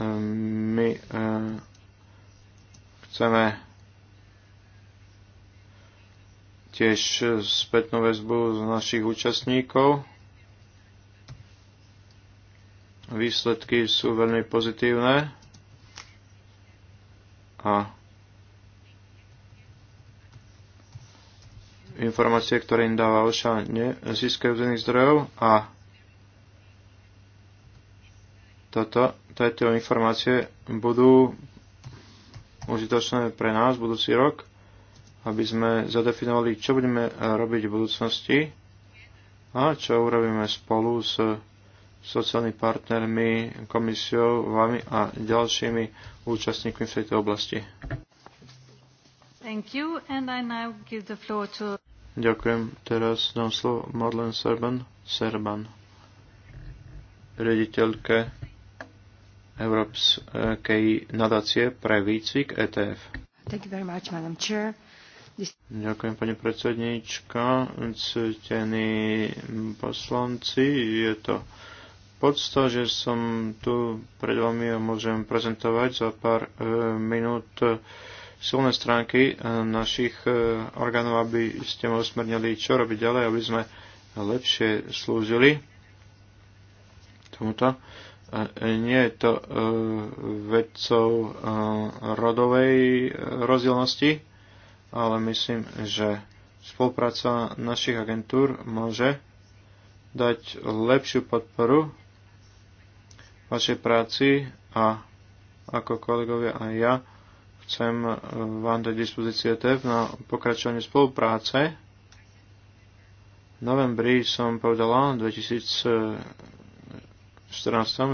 e, my e, chceme tiež spätnú väzbu z našich účastníkov. Výsledky sú veľmi pozitívne a informácie, ktoré im dáva OŠA, nezískajú z iných zdrojov a toto, tieto informácie budú užitočné pre nás budúci rok, aby sme zadefinovali, čo budeme robiť v budúcnosti a čo urobíme spolu s sociálnymi partnermi, komisiou, vami a ďalšími účastníkmi v tejto oblasti. Thank you, and I now give the floor to... Ďakujem. Teraz dám slovo Madlen Serban. Serban. rediteľke Európskej nadácie pre výcvik ETF. Thank you very much, Madam Chair. Ďakujem, pani predsednička, ctení poslanci. Je to podsta, že som tu pred vami a môžem prezentovať za pár e, minút e, silné stránky eh, našich eh, orgánov, aby ste ma usmernili, čo robiť ďalej, aby sme lepšie slúžili tomuto. Eh, nie je to vedcov rodovej rozdielnosti, ale myslím, že spolupráca našich agentúr môže dať lepšiu podporu vašej práci a ako kolegovia aj ja, chcem eh, vám dať dispozície e TEF na pokračovanie spolupráce. V novembri som povedala 2014,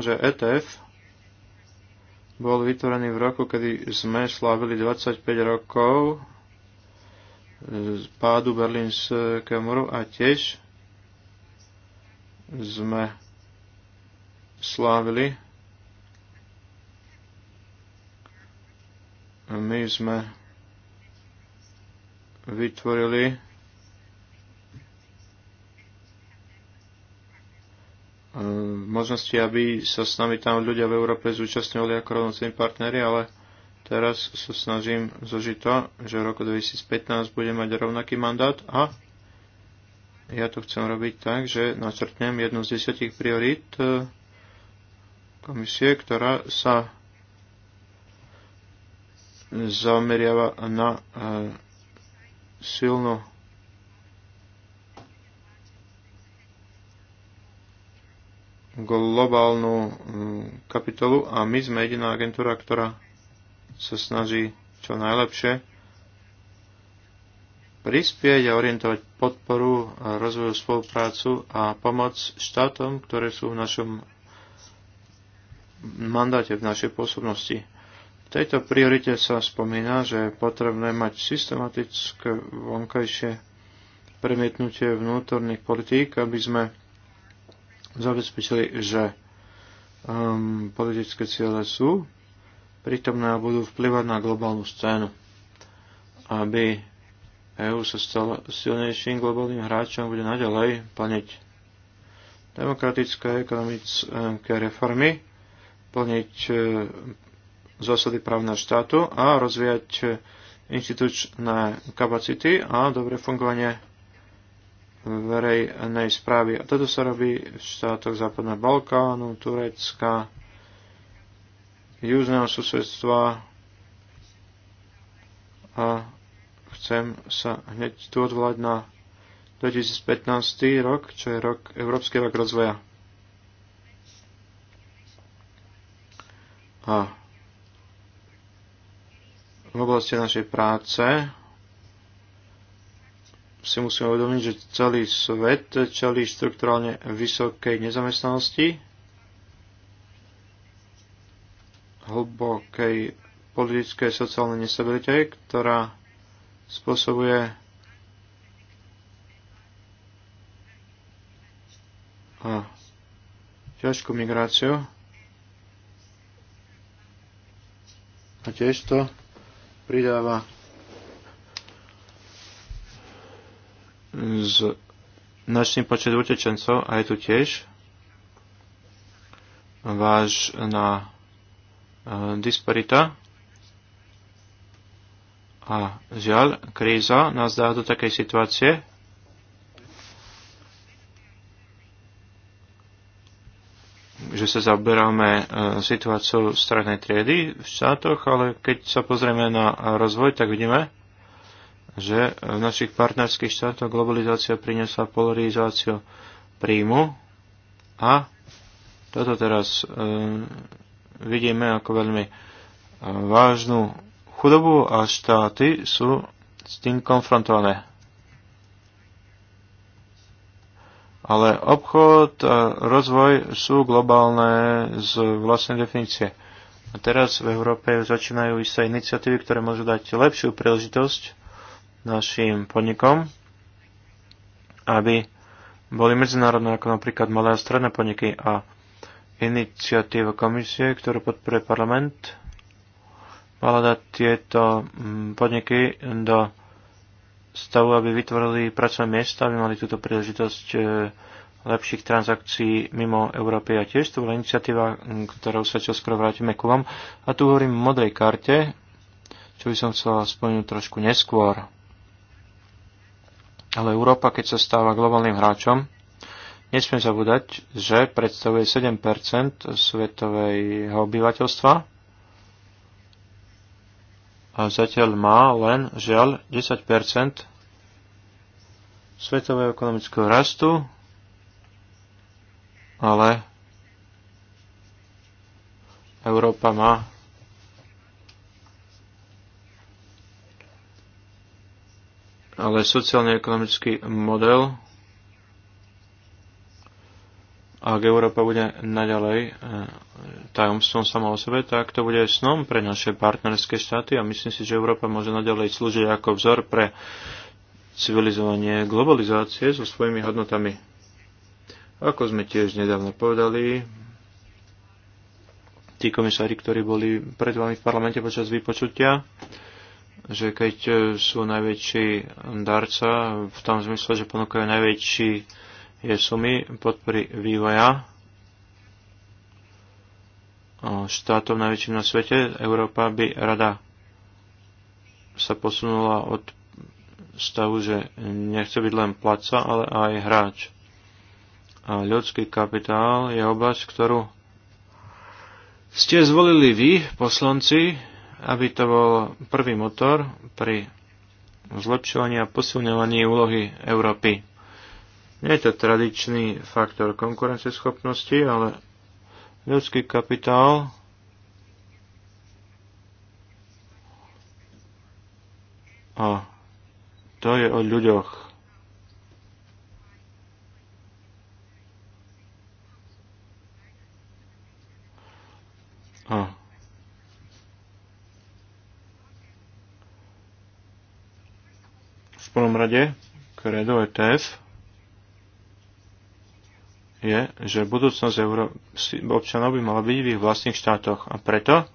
že ETF bol vytvorený v roku, kedy sme slávili 25 rokov z eh, pádu Berlínskeho múru a tiež sme slávili sme vytvorili možnosti, aby sa s nami tam ľudia v Európe zúčastňovali ako rovnocenní partnery, ale teraz sa snažím zožiť to, že v roku 2015 budem mať rovnaký mandát a ja to chcem robiť tak, že načrtnem jednu z desiatich priorít eh, komisie, ktorá sa zameriava na e, silnú globálnu e, kapitolu a my sme jediná agentúra, ktorá sa snaží čo najlepšie prispieť a orientovať podporu a rozvoju spoluprácu a pomoc štátom, ktoré sú v našom mandáte, v našej pôsobnosti tejto priorite sa spomína, že je potrebné mať systematické vonkajšie premietnutie vnútorných politík, aby sme zabezpečili, že um, politické ciele sú prítomné a budú vplyvať na globálnu scénu. Aby EU sa stala silnejším globálnym hráčom, bude naďalej plniť demokratické a ekonomické reformy, plniť zásady právneho štátu a rozvíjať e, inštitučné kapacity a dobre fungovanie verejnej správy. A toto sa robí v štátoch Západného Balkánu, Turecka, južného susedstva a chcem sa hneď tu odvolať na 2015 rok, čo je rok, Európsky rok rozvoja. A v oblasti našej práce si musíme uvedomiť, že celý svet čelí štruktúralne vysokej nezamestnanosti, hlbokej politickej sociálnej nestabilite, ktorá spôsobuje a ťažkú migráciu a tiež to pridáva značný počet utečencov a je tu tiež e, disparita a žiaľ, kríza nás dá do takej situácie, že sa zaberáme e, situáciou strednej triedy v štátoch, ale keď sa pozrieme na rozvoj, tak vidíme, že v našich partnerských štátoch globalizácia priniesla polarizáciu príjmu a toto teraz e, vidíme ako veľmi e, vážnu chudobu a štáty sú s tým konfrontované. Ale obchod a rozvoj sú globálne z vlastnej definície. A teraz v Európe začínajú isté iniciatívy, ktoré môžu dať lepšiu príležitosť našim podnikom, aby boli medzinárodné, ako napríklad malé a stredné podniky a iniciatíva komisie, ktorú podporuje parlament, mala dať tieto mm, podniky do stavu, aby vytvorili pracovné miesta, aby mali túto príležitosť e, lepších transakcií mimo Európy a tiež to bola iniciatíva, ktorou sa čoskoro vrátime ku vám. A tu hovorím o modrej karte, čo by som chcel spomenúť trošku neskôr. Ale Európa, keď sa stáva globálnym hráčom, nesmiem zabúdať, že predstavuje 7% svetového obyvateľstva a zatiaľ má len, žiaľ, 10 svetového ekonomického rastu, ale Európa má ale sociálny ekonomický model ak Európa bude naďalej e, tajomstvom sama o sebe, tak to bude snom pre naše partnerské štáty a myslím si, že Európa môže naďalej slúžiť ako vzor pre civilizovanie globalizácie so svojimi hodnotami. Ako sme tiež nedávno povedali, tí komisári, ktorí boli pred vami v parlamente počas vypočutia, že keď e, sú najväčší darca v tom zmysle, že ponúkajú najväčší je sumy podpory vývoja štátom najväčším na svete. Európa by rada sa posunula od stavu, že nechce byť len placa, ale aj hráč. A ľudský kapitál je oblasť, ktorú ste zvolili vy, poslanci, aby to bol prvý motor pri zlepšovaní a posilňovaní úlohy Európy. Nie je to tradičný faktor konkurenceschopnosti, ale ľudský kapitál a to je o ľuďoch. A. V prvom rade kredo ETF je, že budúcnosť Euró- občanov by mala byť v ich vlastných štátoch. A preto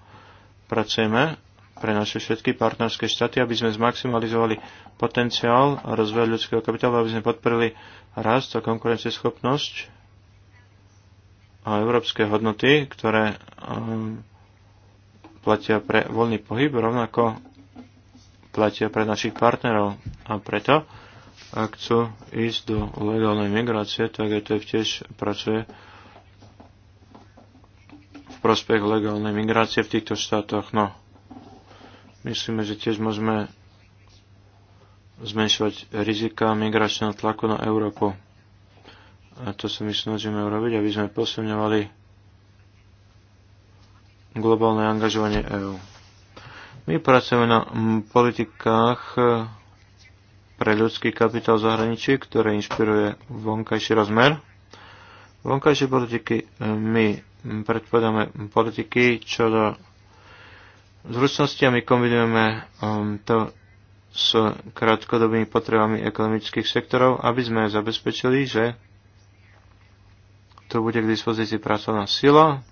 pracujeme pre naše všetky partnerské štáty, aby sme zmaximalizovali potenciál a rozvoj ľudského kapitálu, aby sme podporili rast a konkurencieschopnosť a európske hodnoty, ktoré um, platia pre voľný pohyb, rovnako platia pre našich partnerov. A preto ak chcú ísť do legálnej migrácie, tak to tiež pracuje v prospech legálnej migrácie v týchto štátoch. No, myslíme, že tiež môžeme zmenšovať rizika migračného tlaku na Európu. A to sa my snažíme urobiť, aby sme posilňovali globálne angažovanie EÚ. My pracujeme na politikách pre ľudský kapitál zahraničí, ktoré inšpiruje vonkajší rozmer. Vonkajšie politiky e, my predpovedáme politiky čo do zručnosti a my kombinujeme e, to s krátkodobými potrebami ekonomických sektorov, aby sme zabezpečili, že tu bude k dispozícii pracovná sila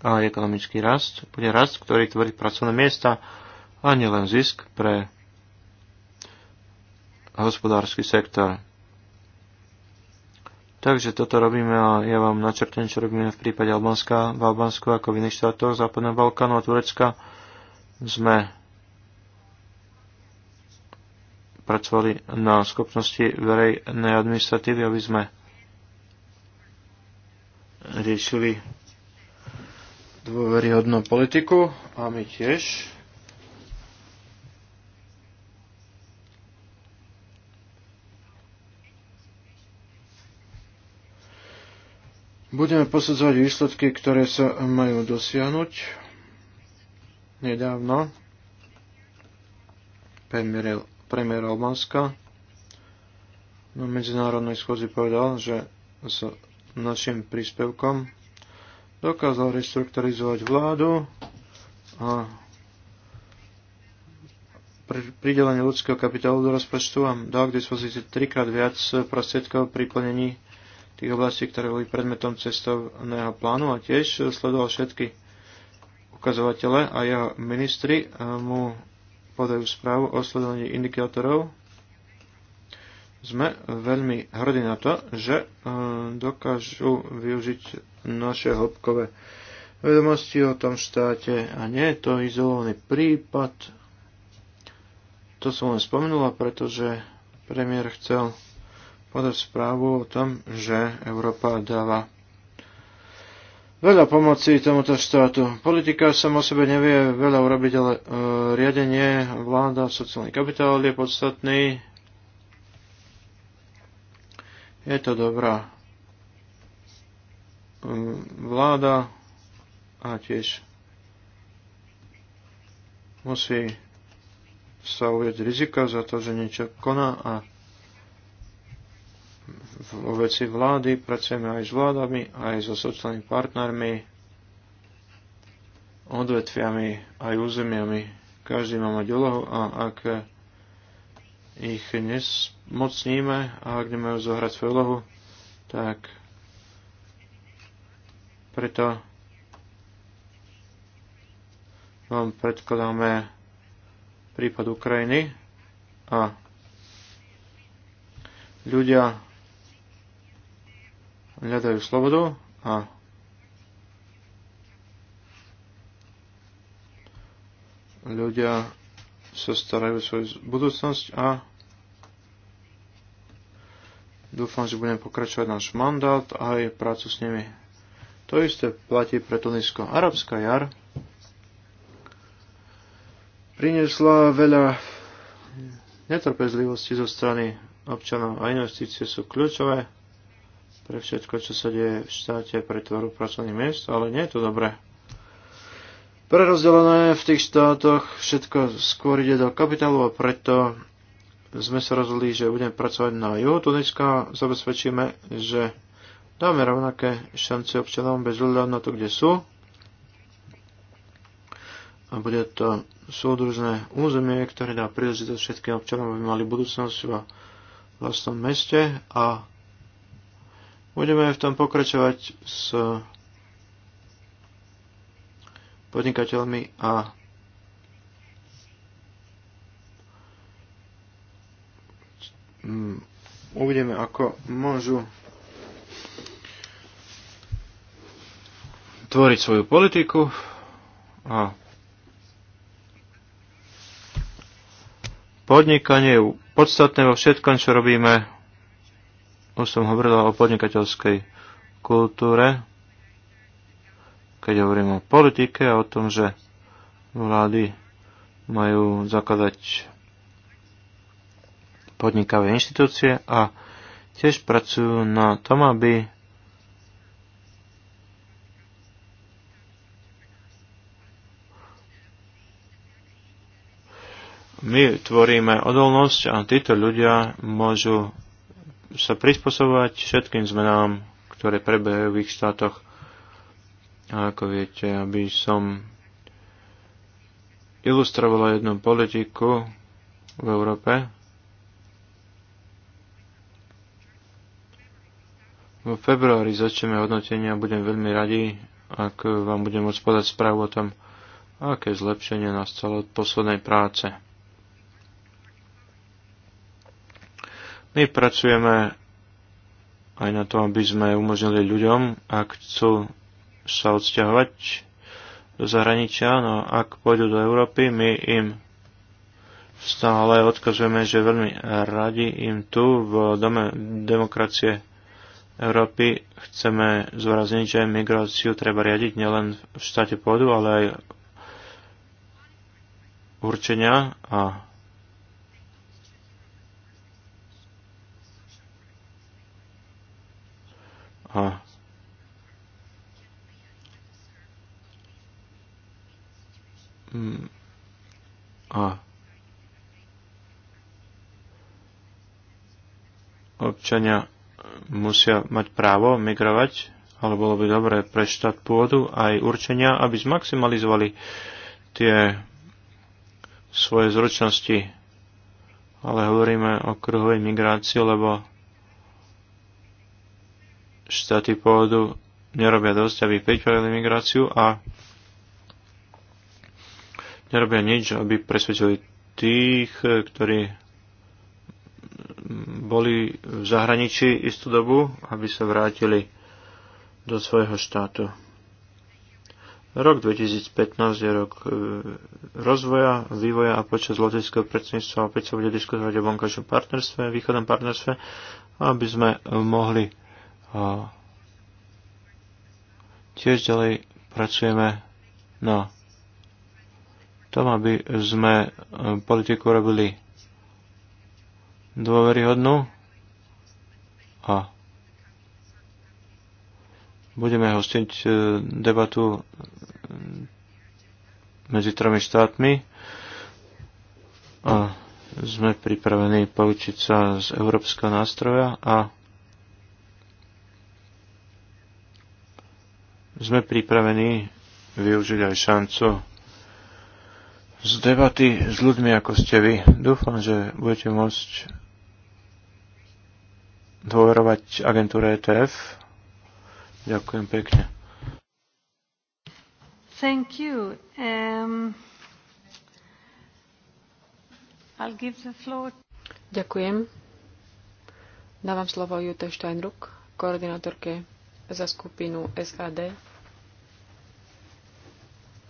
a ekonomický rast. Bude rast, ktorý tvorí pracovné miesta a nielen zisk pre hospodársky sektor. Takže toto robíme a ja vám načrtujem, čo robíme v prípade Albánska, v Albánsku ako v iných štátoch Západného Balkánu a Turecka. Sme pracovali na schopnosti verejnej administratívy, aby sme riešili dôveryhodnú politiku a my tiež Budeme posudzovať výsledky, ktoré sa majú dosiahnuť nedávno. Premiér, premiér Albánska na medzinárodnej schôzi povedal, že s našim príspevkom dokázal reštrukturizovať vládu a pridelenie ľudského kapitálu do rozpočtu a dal k dispozícii trikrát viac prostriedkov pri plnení tých oblastí, ktoré boli predmetom cestovného plánu a tiež sledoval všetky ukazovatele a jeho ministri eh, mu podajú správu o sledovaní indikátorov. Sme veľmi hrdí na to, že eh, dokážu využiť naše hĺbkové vedomosti o tom štáte a nie je to izolovaný prípad. To som len spomenula, pretože premiér chcel podať správu o tom, že Európa dáva veľa pomoci tomuto štátu. Politika sama o sebe nevie veľa urobiť, ale e, riadenie, vláda, sociálny kapitál je podstatný. Je to dobrá vláda a tiež musí sa uvieť rizika za to, že niečo koná a vo veci vlády, pracujeme aj s vládami, aj so sociálnymi partnermi, odvetviami, aj územiami. Každý má mať úlohu a ak ich nesmocníme a ak nemajú zohrať svoju úlohu, tak preto vám predkladáme prípad Ukrajiny a ľudia hľadajú slobodu a ľudia sa starajú o svoju budúcnosť a dúfam, že budem pokračovať náš mandát a aj prácu s nimi. To isté platí pre Tunisko. Arabská jar priniesla veľa netrpezlivosti zo strany občanov a investície sú kľúčové pre všetko, čo sa deje v štáte pre tvorbu pracovných miest, ale nie je to dobré. Prerozdelené v tých štátoch všetko skôr ide do kapitálu a preto sme sa rozhodli, že budeme pracovať na juhu Tuniska, zabezpečíme, že dáme rovnaké šance občanom bez hľadu na to, kde sú. A bude to súdružné územie, ktoré dá príležitosť všetkým občanom, aby mali budúcnosť v vlastnom meste a Budeme v tom pokračovať s podnikateľmi a mm, uvidíme, ako môžu tvoriť svoju politiku a podnikanie je podstatné vo všetkom, čo robíme už som hovoril o podnikateľskej kultúre, keď hovorím o politike a o tom, že vlády majú zakladať podnikavé inštitúcie a tiež pracujú na tom, aby my tvoríme odolnosť a títo ľudia môžu sa prispôsobovať všetkým zmenám, ktoré prebehajú v ich štátoch. A ako viete, aby som ilustrovala jednu politiku v Európe, V februári začneme hodnotenie a budem veľmi radi, ak vám budem môcť podať správu o tom, aké zlepšenie nastalo od poslednej práce. My pracujeme aj na tom, aby sme umožnili ľuďom, ak chcú sa odsťahovať do zahraničia, no ak pôjdu do Európy, my im stále odkazujeme, že veľmi radi im tu v Dome demokracie Európy chceme zvorazniť, že migráciu treba riadiť nielen v štáte pôdu, ale aj určenia a Hmm. Ha. občania musia mať právo migrovať, ale bolo by dobré pre štát pôdu aj určenia, aby zmaximalizovali tie svoje zručnosti. Ale hovoríme o kruhovej migrácii, lebo štáty pôvodu nerobia dosť, aby pripravili migráciu a nerobia nič, aby presvedčili tých, ktorí boli v zahraničí istú dobu, aby sa vrátili do svojho štátu. Rok 2015 je rok e, rozvoja, vývoja a počas lotického predsedníctva opäť sa bude diskutovať o vonkajšom partnerstve, východnom partnerstve, aby sme mohli a tiež ďalej pracujeme na tom, aby sme e, politiku robili dôveryhodnú a budeme hostiť e, debatu e, medzi tromi štátmi a sme pripravení poučiť sa z európskeho nástroja a sme pripravení využiť aj šancu z debaty s ľuďmi, ako ste vy. Dúfam, že budete môcť dôverovať agentúre ETF. Ďakujem pekne. Thank you. Um, I'll give the floor. Ďakujem. Dávam slovo Jute Steinruck, koordinátorke za skupinu SAD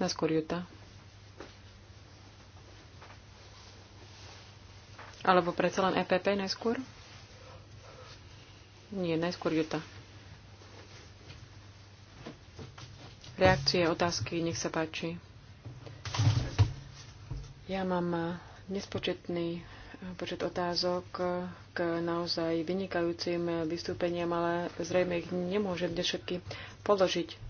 na Skuriuta. Alebo predsa len EPP najskôr? Nie, najskôr Juta. Reakcie, otázky, nech sa páči. Ja mám eh, nespočetný počet otázok k naozaj vynikajúcim vystúpeniam, ale zrejme ich nemôžem dnes všetky položiť.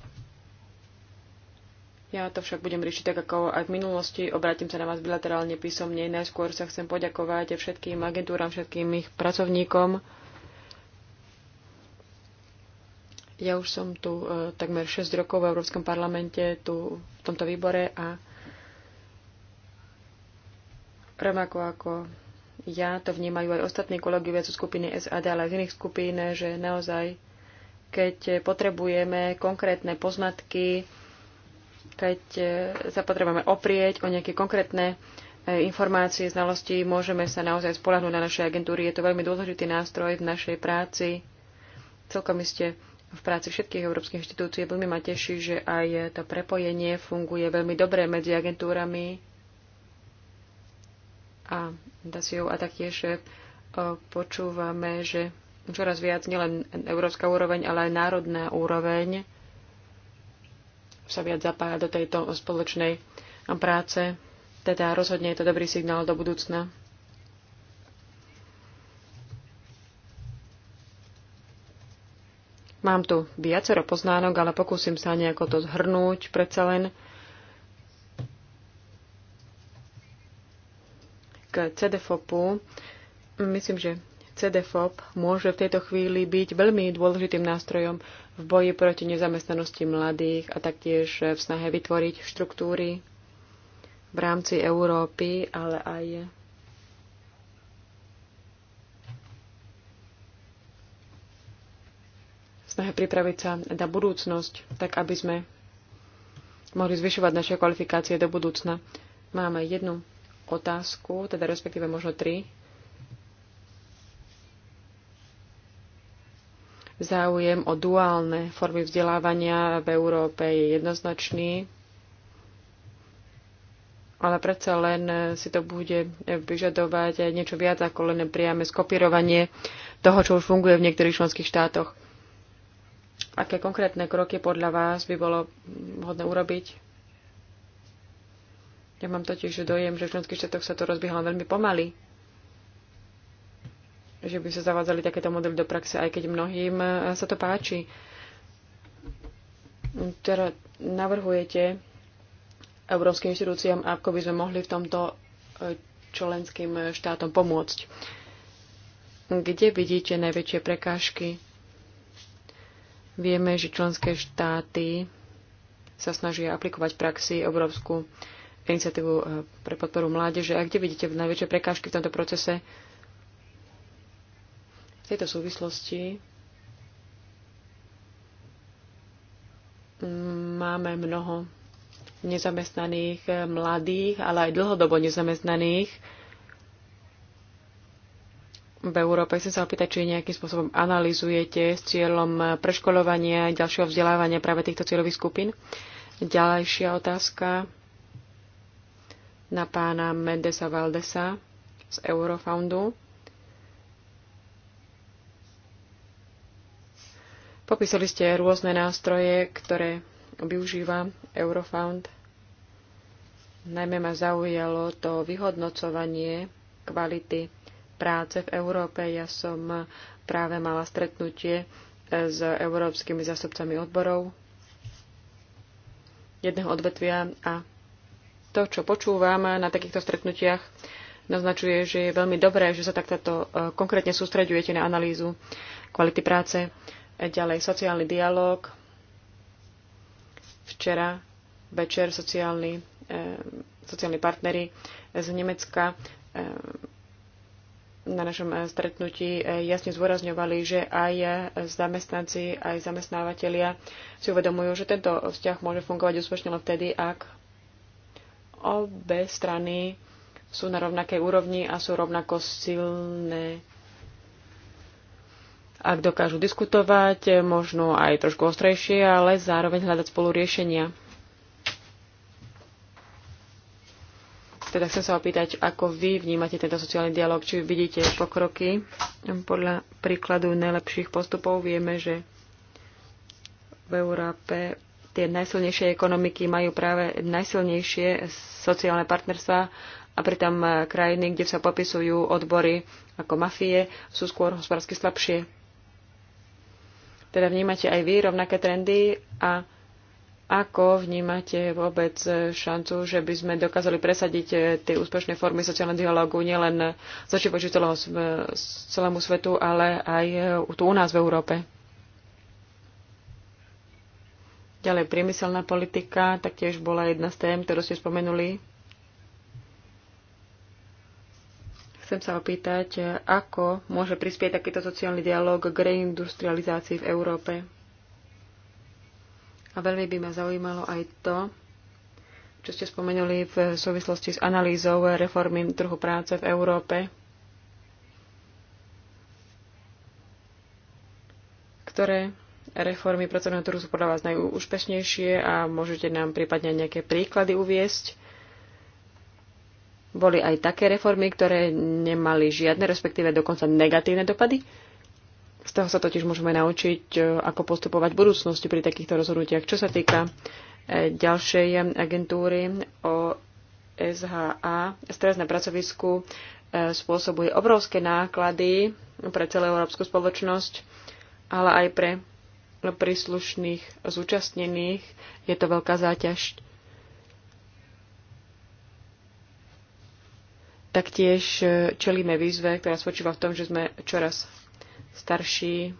Ja to však budem riešiť tak, ako aj v minulosti. Obrátim sa na vás bilaterálne písomne. Najskôr sa chcem poďakovať všetkým agentúram, všetkým ich pracovníkom. Ja už som tu e, takmer 6 rokov v Európskom parlamente, tu v tomto výbore a rovnako ako ja to vnímajú aj ostatní kolegovia zo skupiny SAD, ale aj z iných skupín, že naozaj, keď potrebujeme konkrétne poznatky, keď e, sa potrebujeme oprieť o nejaké konkrétne e, informácie, znalosti, môžeme sa naozaj spolahnúť na našej agentúry. Je to veľmi dôležitý nástroj v našej práci. Celkom ste v práci všetkých európskych inštitúcií veľmi ma teší, že aj to prepojenie funguje veľmi dobre medzi agentúrami a prezentáciou a taktiež e, počúvame, že čoraz viac nielen európska úroveň, ale aj národná úroveň sa viac zapája do tejto spoločnej práce. Teda rozhodne je to dobrý signál do budúcna. Mám tu viacero poznánok, ale pokúsim sa nejako to zhrnúť predsa len. k CDFOPu. Myslím, že CDFOP môže v tejto chvíli byť veľmi dôležitým nástrojom v boji proti nezamestnanosti mladých a taktiež v snahe vytvoriť štruktúry v rámci Európy, ale aj v snahe pripraviť sa na budúcnosť, tak aby sme mohli zvyšovať naše kvalifikácie do budúcna. Máme jednu otázku, teda respektíve možno tri. Záujem o duálne formy vzdelávania v Európe je jednoznačný, ale predsa len si to bude vyžadovať aj niečo viac ako len priame skopírovanie toho, čo už funguje v niektorých členských štátoch. Aké konkrétne kroky podľa vás by bolo hodné urobiť? Ja mám totiž dojem, že v členských štátoch sa to rozbiehalo veľmi pomaly. Že by sa zavádzali takéto modely do praxe, aj keď mnohým e, sa to páči. Teda navrhujete európskym inštitúciám, ako by sme mohli v tomto e, členským štátom pomôcť. Kde vidíte najväčšie prekážky? Vieme, že členské štáty sa snažia aplikovať praxi európsku iniciatívu eh, pre podporu mládeže. A kde vidíte najväčšie prekážky v tomto procese? V tejto súvislosti máme mnoho nezamestnaných eh, mladých, ale aj dlhodobo nezamestnaných. V Európe chcem sa opýtať, či nejakým spôsobom analizujete s cieľom preškolovania, ďalšieho vzdelávania práve týchto cieľových skupín. Ďalejšia otázka na pána Mendesa Valdesa z Eurofoundu. Popísali ste rôzne nástroje, ktoré využíva Eurofound. Najmä ma zaujalo to vyhodnocovanie kvality práce v Európe. Ja som práve mala stretnutie s európskymi zástupcami odborov jedného odvetvia a to, čo počúvam na takýchto stretnutiach, naznačuje, že je veľmi dobré, že sa takto e, konkrétne sústredujete na analýzu kvality práce. E, ďalej sociálny dialog. Včera večer sociálni, e, sociálni partnery z Nemecka na našom stretnutí jasne zdôrazňovali, že aj zamestnanci, aj zamestnávateľia si uvedomujú, že tento vzťah môže fungovať úspešne len vtedy, ak Obe strany sú na rovnakej úrovni a sú rovnako silné. Ak dokážu diskutovať, možno aj trošku ostrejšie, ale zároveň hľadať spolu riešenia. Teda chcem sa opýtať, ako vy vnímate tento sociálny dialog, či vidíte pokroky. Podľa príkladu najlepších postupov vieme, že v Európe Tie najsilnejšie ekonomiky majú práve najsilnejšie sociálne partnerstva a pritom eh, krajiny, kde sa popisujú odbory ako mafie, sú skôr hospodársky slabšie. Teda vnímate aj vy rovnaké trendy a ako vnímate vôbec eh, šancu, že by sme dokázali presadiť eh, tie úspešné formy sociálneho dialogu nielen z celému svetu, ale aj tu u nás v Európe? Ďalej priemyselná politika, taktiež bola jedna z tém, ktorú ste spomenuli. Chcem sa opýtať, ako môže prispieť takýto sociálny dialog k reindustrializácii v Európe. A veľmi by ma zaujímalo aj to, čo ste spomenuli v súvislosti s analýzou reformy trhu práce v Európe, ktoré reformy pracovného trhu sú podľa vás najúspešnejšie a môžete nám prípadne nejaké príklady uviesť? Boli aj také reformy, ktoré nemali žiadne, respektíve dokonca negatívne dopady? Z toho sa totiž môžeme naučiť, e, ako postupovať v budúcnosti pri takýchto rozhodnutiach. Čo sa týka e, ďalšej agentúry o SHA, stres na pracovisku e, spôsobuje obrovské náklady pre celú európsku spoločnosť, ale aj pre príslušných zúčastnených. Je to veľká záťaž. Taktiež e, čelíme výzve, ktorá spočíva v tom, že sme čoraz starší.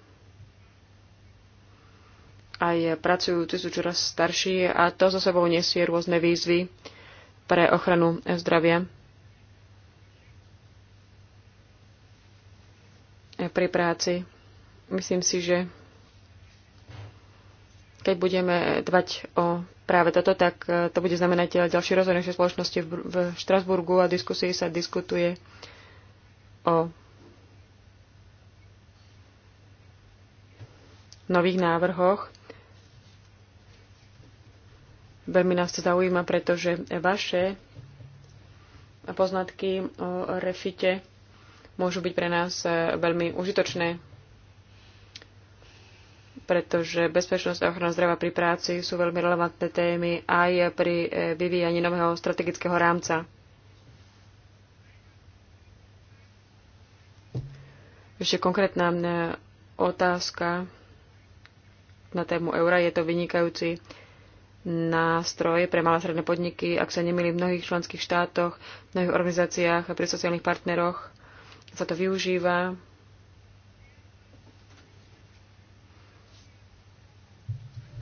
Aj pracujúci sú čoraz starší a to za sebou nesie rôzne výzvy pre ochranu zdravia. E, pri práci. Myslím si, že keď budeme dbať o práve toto, tak e, to bude znamenať e, ďalší rozhodný našej spoločnosti v Štrasburgu a diskusii sa diskutuje o nových návrhoch. Veľmi nás to zaujíma, pretože vaše poznatky o refite môžu byť pre nás e, veľmi užitočné pretože bezpečnosť a ochrana zdravia pri práci sú veľmi relevantné témy aj pri e, vyvíjaní nového strategického rámca. Ešte konkrétna otázka na tému eura. Je to vynikajúci nástroj pre malé stredné podniky, ak sa nemili v mnohých členských štátoch, v mnohých organizáciách a pri sociálnych partneroch sa to využíva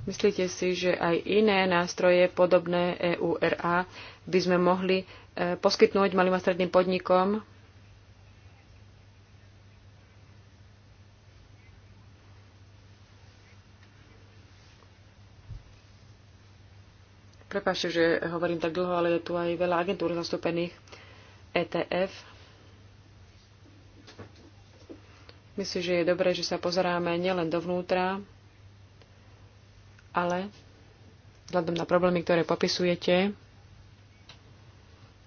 Myslíte si, že aj iné nástroje podobné EURA by sme mohli e, poskytnúť malým a stredným podnikom? Prepašte, že hovorím tak dlho, ale je tu aj veľa agentúr zastúpených ETF. Myslím, že je dobré, že sa pozeráme nielen dovnútra, ale vzhľadom na problémy, ktoré popisujete,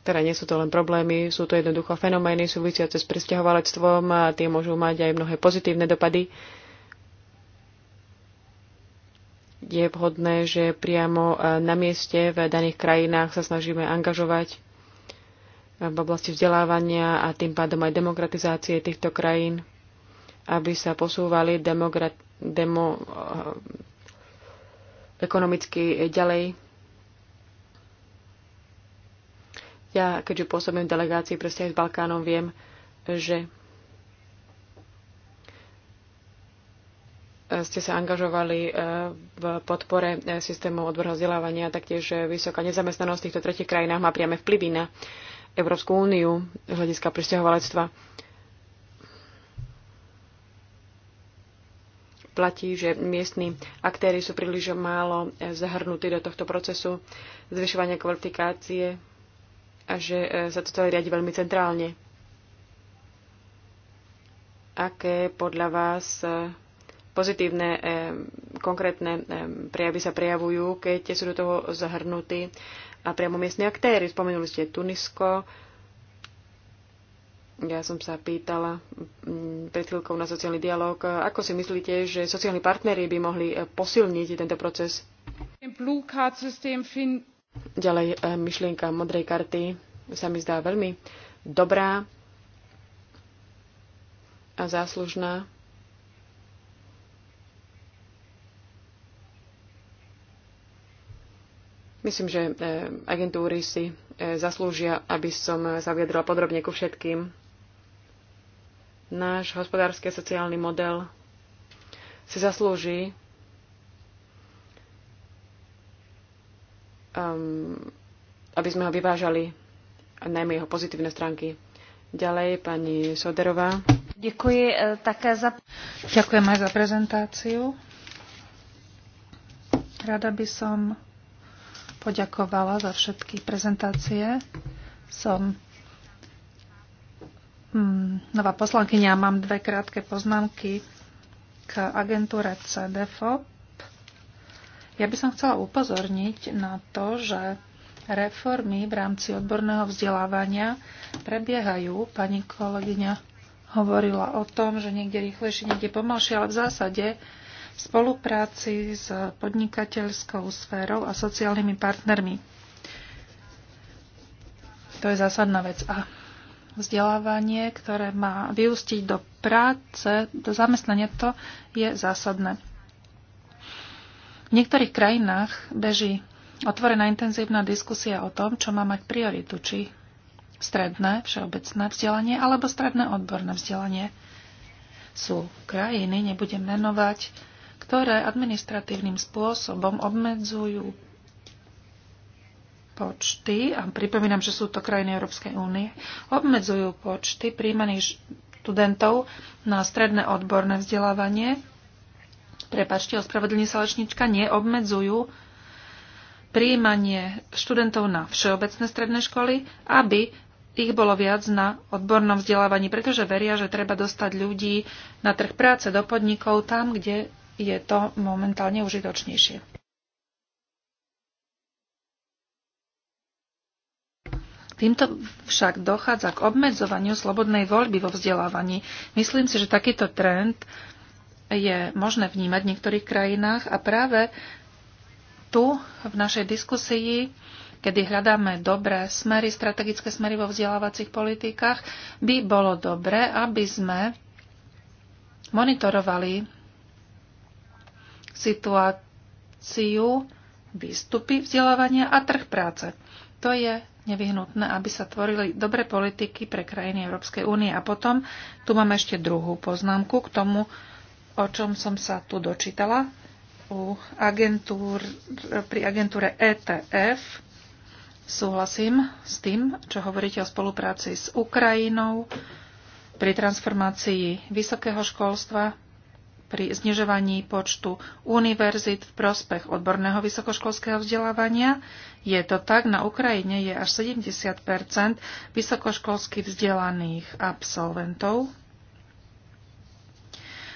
teda nie sú to len problémy, sú to jednoducho fenomény súvisiace s presťahovalectvom a tie môžu mať aj mnohé pozitívne dopady. Je vhodné, že priamo e, na mieste v daných krajinách sa snažíme angažovať v oblasti vzdelávania a tým pádom aj demokratizácie týchto krajín, aby sa posúvali demokrat, demo, ekonomicky ďalej. Ja, keďže pôsobím v delegácii pre s Balkánom, viem, že ste sa angažovali eh, v podpore eh, systému odborného vzdelávania, taktiež eh, vysoká nezamestnanosť v týchto tretich krajinách má priame vplyvy na Európsku úniu z hľadiska pristahovalectva. platí, že miestni aktéry sú príliš málo eh, zahrnutí do tohto procesu zvyšovania kvalifikácie a že eh, sa to celé riadi veľmi centrálne. Aké podľa vás eh, pozitívne konkrétne prejavy sa prejavujú, keď sú do toho zahrnutí a priamo miestni aktéry? Spomenuli ste Tunisko, ja som sa pýtala mm, pred chvíľkou na sociálny dialog, ako si myslíte, že sociálni partnery by mohli eh, posilniť tento proces? Ďalej eh, myšlienka modrej karty sa mi zdá veľmi dobrá a záslužná. Myslím, že eh, agentúry si zaslúžia, aby som sa vyjadrila podrobne ku všetkým Náš hospodársky a sociálny model si zaslúži um, aby sme ho vyvážali, a najmä jeho pozitívne stránky. Ďalej pani Soderová. Ďakujem eh, také za... Ďakujem aj za prezentáciu. Rada by som poďakovala za všetky prezentácie. Som Hmm, nová poslankyňa, mám dve krátke poznámky k agentúre CDFOP. Ja by som chcela upozorniť na to, že reformy v rámci odborného vzdelávania prebiehajú. Pani kolegyňa hovorila o tom, že niekde rýchlejšie, niekde pomalšie, ale v zásade v spolupráci s podnikateľskou sférou a sociálnymi partnermi. To je zásadná vec. A vzdelávanie, ktoré má vyústiť do práce, do zamestnania, to je zásadné. V niektorých krajinách beží otvorená intenzívna diskusia o tom, čo má mať prioritu, či stredné všeobecné vzdelanie alebo stredné odborné vzdelanie. Sú krajiny, nebudem menovať, ktoré administratívnym spôsobom obmedzujú počty, a pripomínam, že sú to krajiny Európskej únie, obmedzujú počty príjmaných študentov na stredné odborné vzdelávanie. Prepačte, ospravedlní sa lečnička, neobmedzujú príjmanie študentov na všeobecné stredné školy, aby ich bolo viac na odbornom vzdelávaní, pretože veria, že treba dostať ľudí na trh práce do podnikov tam, kde je to momentálne užitočnejšie. Týmto však dochádza k obmedzovaniu slobodnej voľby vo vzdelávaní. Myslím si, že takýto trend je možné vnímať v niektorých krajinách a práve tu v našej diskusii, kedy hľadáme dobré smery, strategické smery vo vzdelávacích politikách, by bolo dobré, aby sme monitorovali situáciu výstupy vzdelávania a trh práce. To je nevyhnutné, aby sa tvorili dobré politiky pre krajiny Európskej únie. A potom tu mám ešte druhú poznámku k tomu, o čom som sa tu dočítala u agentúr, pri agentúre ETF. Súhlasím s tým, čo hovoríte o spolupráci s Ukrajinou pri transformácii vysokého školstva pri znižovaní počtu univerzit v prospech odborného vysokoškolského vzdelávania. Je to tak, na Ukrajine je až 70 vysokoškolsky vzdelaných absolventov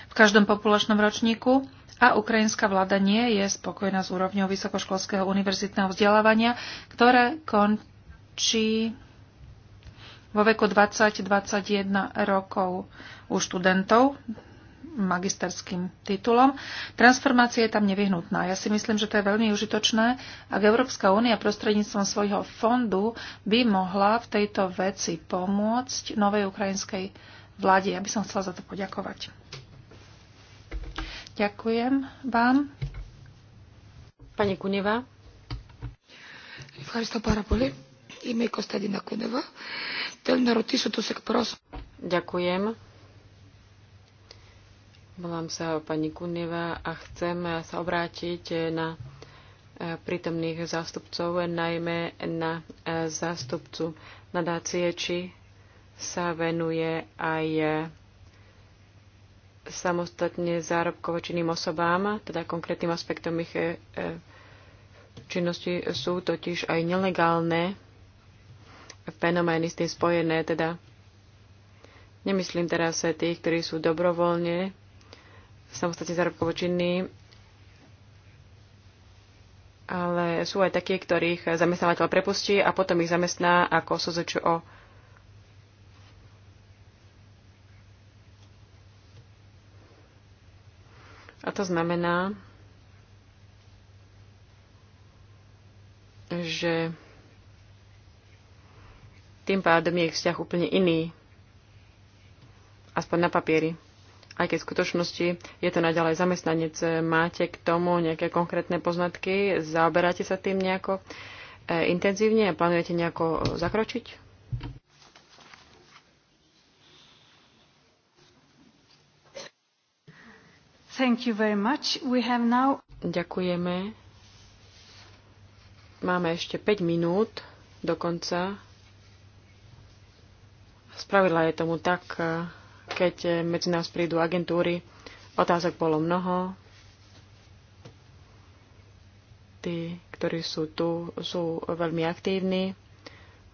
v každom populačnom ročníku a ukrajinská vláda nie je spokojná s úrovňou vysokoškolského univerzitného vzdelávania, ktoré končí vo veku 20-21 rokov u študentov magisterským titulom. Transformácia je tam nevyhnutná. Ja si myslím, že to je veľmi užitočné, ak Európska únia prostredníctvom svojho fondu by mohla v tejto veci pomôcť novej ukrajinskej vláde. Ja by som chcela za to poďakovať. Ďakujem vám. Pani Kuneva. Ďakujem. Volám sa pani Kuneva a chcem sa obrátiť na e, prítomných zástupcov, najmä na e, zástupcu nadácie, či sa venuje aj e, samostatne zárobkovo osobám, teda konkrétnym aspektom ich činnosti sú totiž aj nelegálne fenomény s tým spojené, teda nemyslím teraz tých, ktorí sú dobrovoľne samostatne zárobkovo činní, ale sú aj takí, ktorých zamestnávateľ prepustí a potom ich zamestná ako SZČO. A to znamená, že tým pádom je ich vzťah úplne iný, aspoň na papieri aj keď v skutočnosti je to naďalej zamestnanec. E, máte k tomu nejaké konkrétne poznatky? Zaoberáte sa tým nejako e, intenzívne a plánujete nejako e, zakročiť? Thank you very much. We have now... Ďakujeme. Máme ešte 5 minút do konca. Spravidla je tomu tak, keď e, medzi nás prídu agentúry. Otázok bolo mnoho. Tí, ktorí sú tu, sú veľmi aktívni.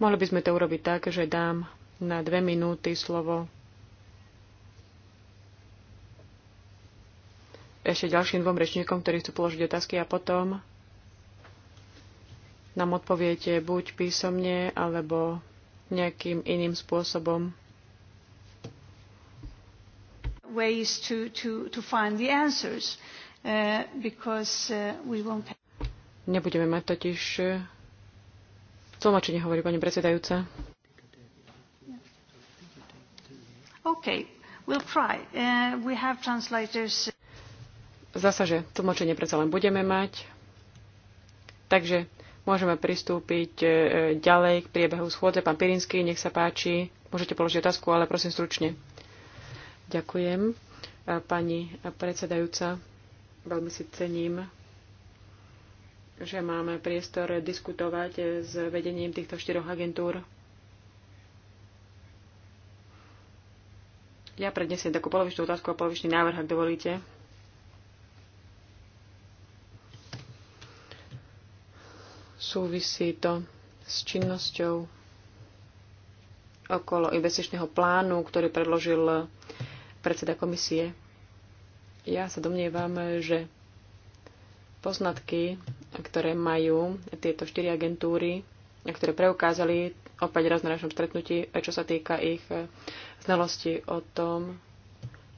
Mohli by sme to urobiť tak, že dám na dve minúty slovo ešte ďalším dvom rečníkom, ktorí chcú položiť otázky a potom nám odpoviete buď písomne, alebo nejakým iným spôsobom ways to, to, to find the answers uh, because uh, we won't have Nebudeme mať totiž uh, tlmočenie, hovorí pani predsedajúca. OK, we'll try. Uh, we have translators. Zasa, že tlmočenie predsa len budeme mať. Takže môžeme pristúpiť uh, ďalej k priebehu schôdze. Pán Pirinský, nech sa páči. Môžete položiť otázku, ale prosím stručne. Ďakujem. Pani predsedajúca, veľmi si cením, že máme priestor diskutovať s vedením týchto štyroch agentúr. Ja prednesiem takú polovičnú otázku a polovičný návrh, ak dovolíte. Súvisí to s činnosťou okolo investičného plánu, ktorý predložil predseda komisie. Ja sa domnievam, že poznatky, ktoré majú tieto štyri agentúry, ktoré preukázali opäť raz na našom stretnutí, čo sa týka ich eh, znalosti o tom,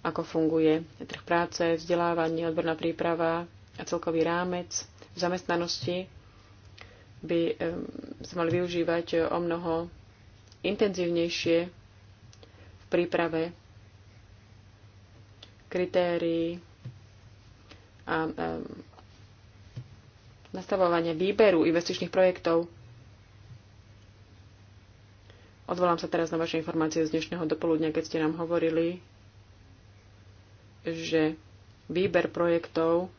ako funguje trh práce, vzdelávanie, odborná príprava a celkový rámec v zamestnanosti, by eh, sa mali využívať eh, o mnoho intenzívnejšie v príprave kritérií a nastavovania výberu investičných projektov. Odvolám sa teraz na vaše informácie z dnešného dopoludnia, keď ste nám hovorili, že výber projektov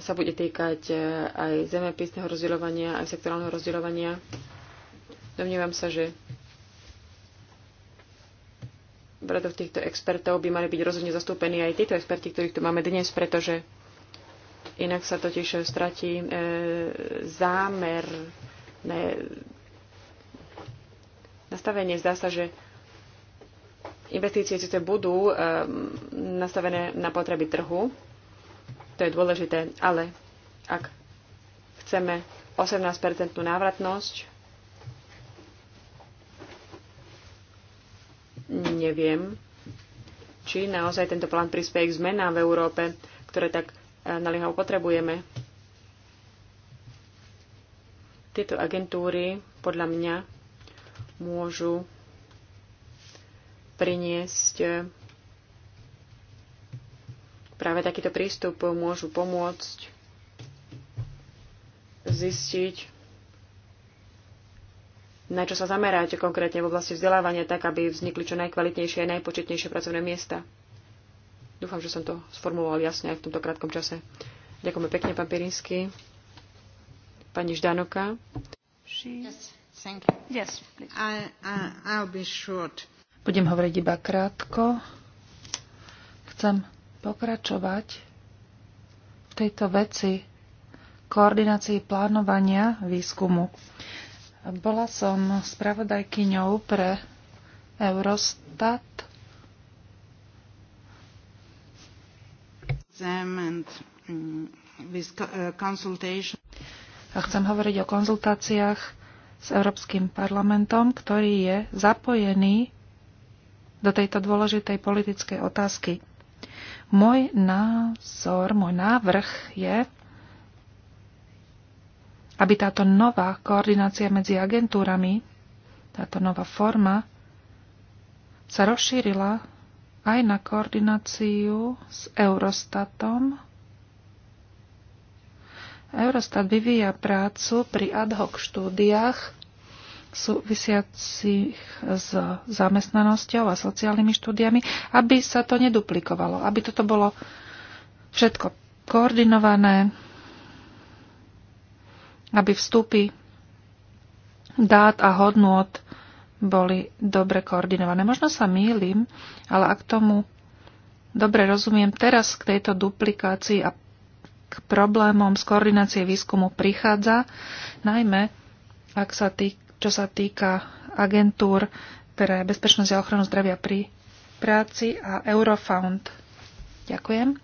sa bude týkať e, aj zemepisného rozdeľovania, aj sektorálneho rozdeľovania. Domnívam sa, že v radoch týchto expertov by mali byť rozhodne zastúpení aj títo experti, ktorých tu máme dnes, pretože inak sa totiž stratí e, zámer ne, nastavenie. Zdá sa, že investície síce budú e, nastavené na potreby trhu, to je dôležité, ale ak chceme 18-percentnú návratnosť, Neviem, či naozaj tento plán prispieje k zmenám v Európe, ktoré tak eh, naliehavo potrebujeme. Tieto agentúry, podľa mňa, môžu priniesť eh, práve takýto prístup môžu pomôcť zistiť, na čo sa zameráte konkrétne v oblasti vzdelávania, tak aby vznikli čo najkvalitnejšie a najpočetnejšie pracovné miesta. Dúfam, že som to sformuloval jasne aj v tomto krátkom čase. Ďakujeme pekne, pán Pirinsky. Pani Ždanoka. Budem hovoriť iba krátko. Chcem pokračovať v tejto veci koordinácii plánovania výskumu bola som spravodajkyňou pre Eurostat. Mm, uh, A chcem hovoriť o konzultáciách s Európskym parlamentom, ktorý je zapojený do tejto dôležitej politickej otázky. Môj názor, môj návrh je, aby táto nová koordinácia medzi agentúrami, táto nová forma, sa rozšírila aj na koordináciu s Eurostatom. Eurostat vyvíja prácu pri ad hoc štúdiách súvisiacich s zamestnanosťou a sociálnymi štúdiami, aby sa to neduplikovalo, aby toto bolo všetko koordinované, aby vstupy dát a hodnôt boli dobre koordinované. Možno sa mýlim, ale ak tomu dobre rozumiem, teraz k tejto duplikácii a k problémom z koordinácie výskumu prichádza, najmä ak sa tý, čo sa týka agentúr pre bezpečnosť a ochranu zdravia pri práci a Eurofound. Ďakujem.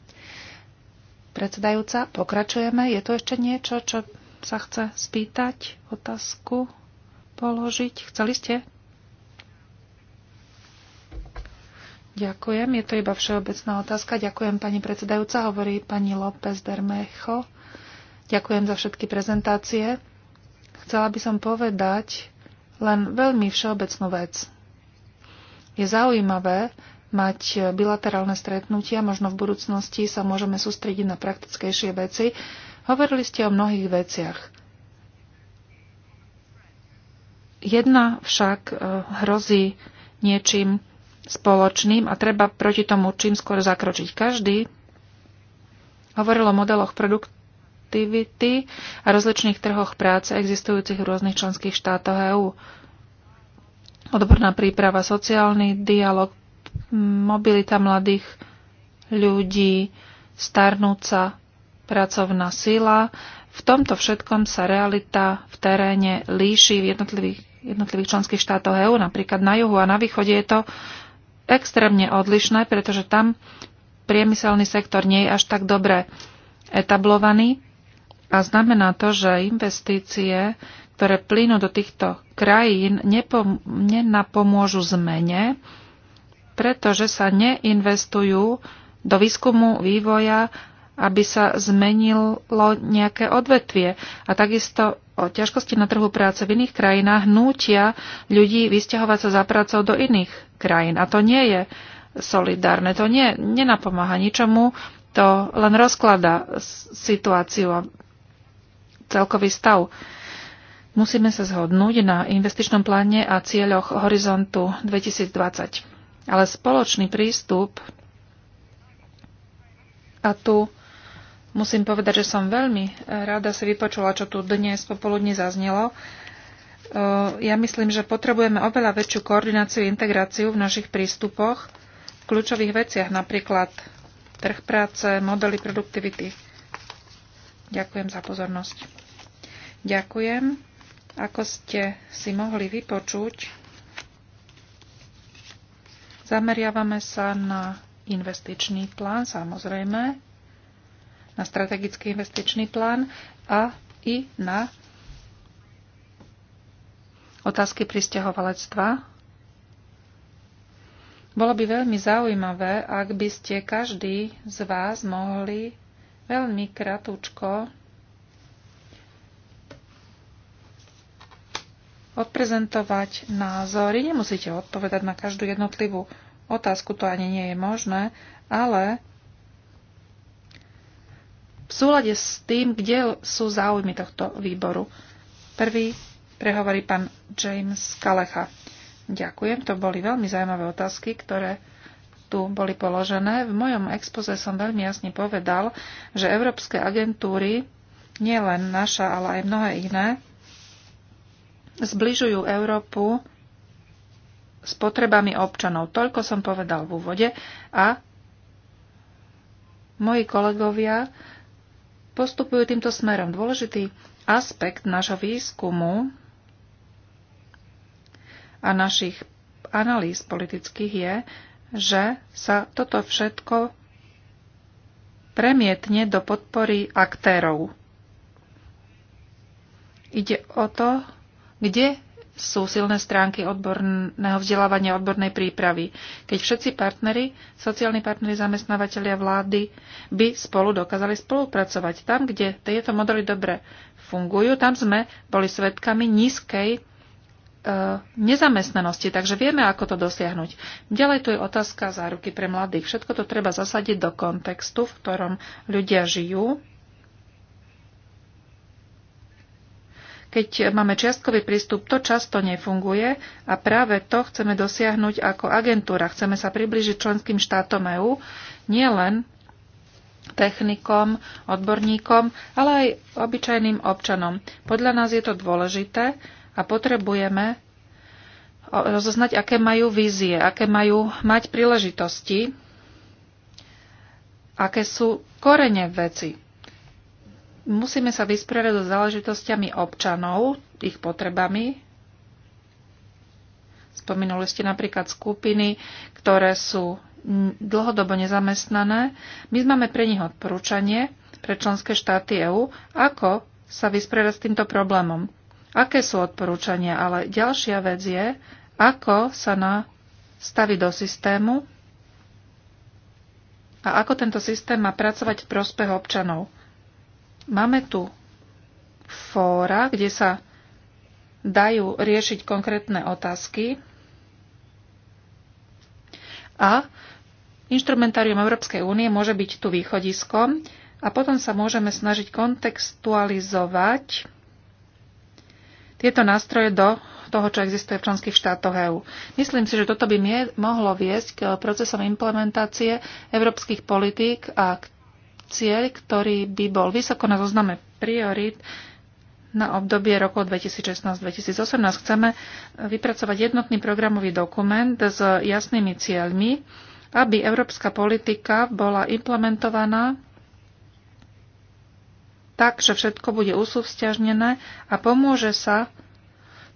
Predsedajúca, pokračujeme. Je tu ešte niečo, čo sa chce spýtať, otázku položiť? Chceli ste? Ďakujem. Je to iba všeobecná otázka. Ďakujem pani predsedajúca, hovorí pani López Bermecho. Ďakujem za všetky prezentácie. Chcela by som povedať len veľmi všeobecnú vec. Je zaujímavé, mať bilaterálne stretnutia, možno v budúcnosti sa môžeme sústrediť na praktickejšie veci. Hovorili ste o mnohých veciach. Jedna však e, hrozí niečím spoločným a treba proti tomu čím skôr zakročiť. Každý hovoril o modeloch produktivity a rozličných trhoch práce existujúcich v rôznych členských štátoch EÚ. Odborná príprava, sociálny dialog, mobilita mladých ľudí, starnúca pracovná sila. V tomto všetkom sa realita v teréne líši v jednotlivých, jednotlivých členských štátoch EÚ. Napríklad na juhu a na východe je to extrémne odlišné, pretože tam priemyselný sektor nie je až tak dobre etablovaný a znamená to, že investície, ktoré plynú do týchto krajín, nepom- nenapomôžu zmene, pretože sa neinvestujú do výskumu, vývoja aby sa zmenilo nejaké odvetvie. A takisto o ťažkosti na trhu práce v iných krajinách nútia ľudí vysťahovať sa za prácou do iných krajín. A to nie je solidárne, to nie, nenapomáha ničomu, to len rozklada situáciu a celkový stav. Musíme sa zhodnúť na investičnom pláne a cieľoch horizontu 2020. Ale spoločný prístup a tu Musím povedať, že som veľmi e, rada si vypočula, čo tu dnes popoludne zaznelo. E, ja myslím, že potrebujeme oveľa väčšiu koordináciu a integráciu v našich prístupoch v kľúčových veciach, napríklad trh práce, modely produktivity. Ďakujem za pozornosť. Ďakujem. Ako ste si mohli vypočuť, zameriavame sa na investičný plán, samozrejme na strategický investičný plán a i na otázky pristahovalectva. Bolo by veľmi zaujímavé, ak by ste každý z vás mohli veľmi kratúčko odprezentovať názory. Nemusíte odpovedať na každú jednotlivú otázku, to ani nie je možné, ale v súlade s tým, kde sú záujmy tohto výboru. Prvý prehovorí pán James Kalecha. Ďakujem, to boli veľmi zaujímavé otázky, ktoré tu boli položené. V mojom expoze som veľmi jasne povedal, že európske agentúry, nie len naša, ale aj mnohé iné, zbližujú Európu s potrebami občanov. Toľko som povedal v úvode a moji kolegovia postupujú týmto smerom. Dôležitý aspekt nášho výskumu a našich analýz politických je, že sa toto všetko premietne do podpory aktérov. Ide o to, kde sú silné stránky odborného vzdelávania odbornej prípravy. Keď všetci partnery, sociálni partnery, zamestnávateľia vlády by spolu dokázali spolupracovať. Tam, kde tieto modely dobre fungujú, tam sme boli svedkami nízkej e, nezamestnanosti, takže vieme, ako to dosiahnuť. Ďalej tu je otázka záruky pre mladých. Všetko to treba zasadiť do kontextu, v ktorom ľudia žijú, Keď máme čiastkový prístup, to často nefunguje a práve to chceme dosiahnuť ako agentúra. Chceme sa približiť členským štátom EÚ, nielen technikom, odborníkom, ale aj obyčajným občanom. Podľa nás je to dôležité a potrebujeme rozoznať, aké majú vízie, aké majú mať príležitosti, aké sú korene veci. Musíme sa vysporiadať so záležitostiami občanov, ich potrebami. Spomenuli ste napríklad skupiny, ktoré sú dlhodobo nezamestnané. My máme pre nich odporúčanie pre členské štáty EÚ, ako sa vysporiadať s týmto problémom. Aké sú odporúčania? Ale ďalšia vec je, ako sa nastaviť do systému a ako tento systém má pracovať v prospech občanov. Máme tu fóra, kde sa dajú riešiť konkrétne otázky a Instrumentárium Európskej únie môže byť tu východiskom a potom sa môžeme snažiť kontextualizovať tieto nástroje do toho, čo existuje v členských štátoch EÚ. Myslím si, že toto by mohlo viesť k procesom implementácie európskych politík a k cieľ, ktorý by bol vysoko na zozname priorit na obdobie rokov 2016-2018. Chceme vypracovať jednotný programový dokument s jasnými cieľmi, aby európska politika bola implementovaná tak, že všetko bude usúvzťažnené a pomôže sa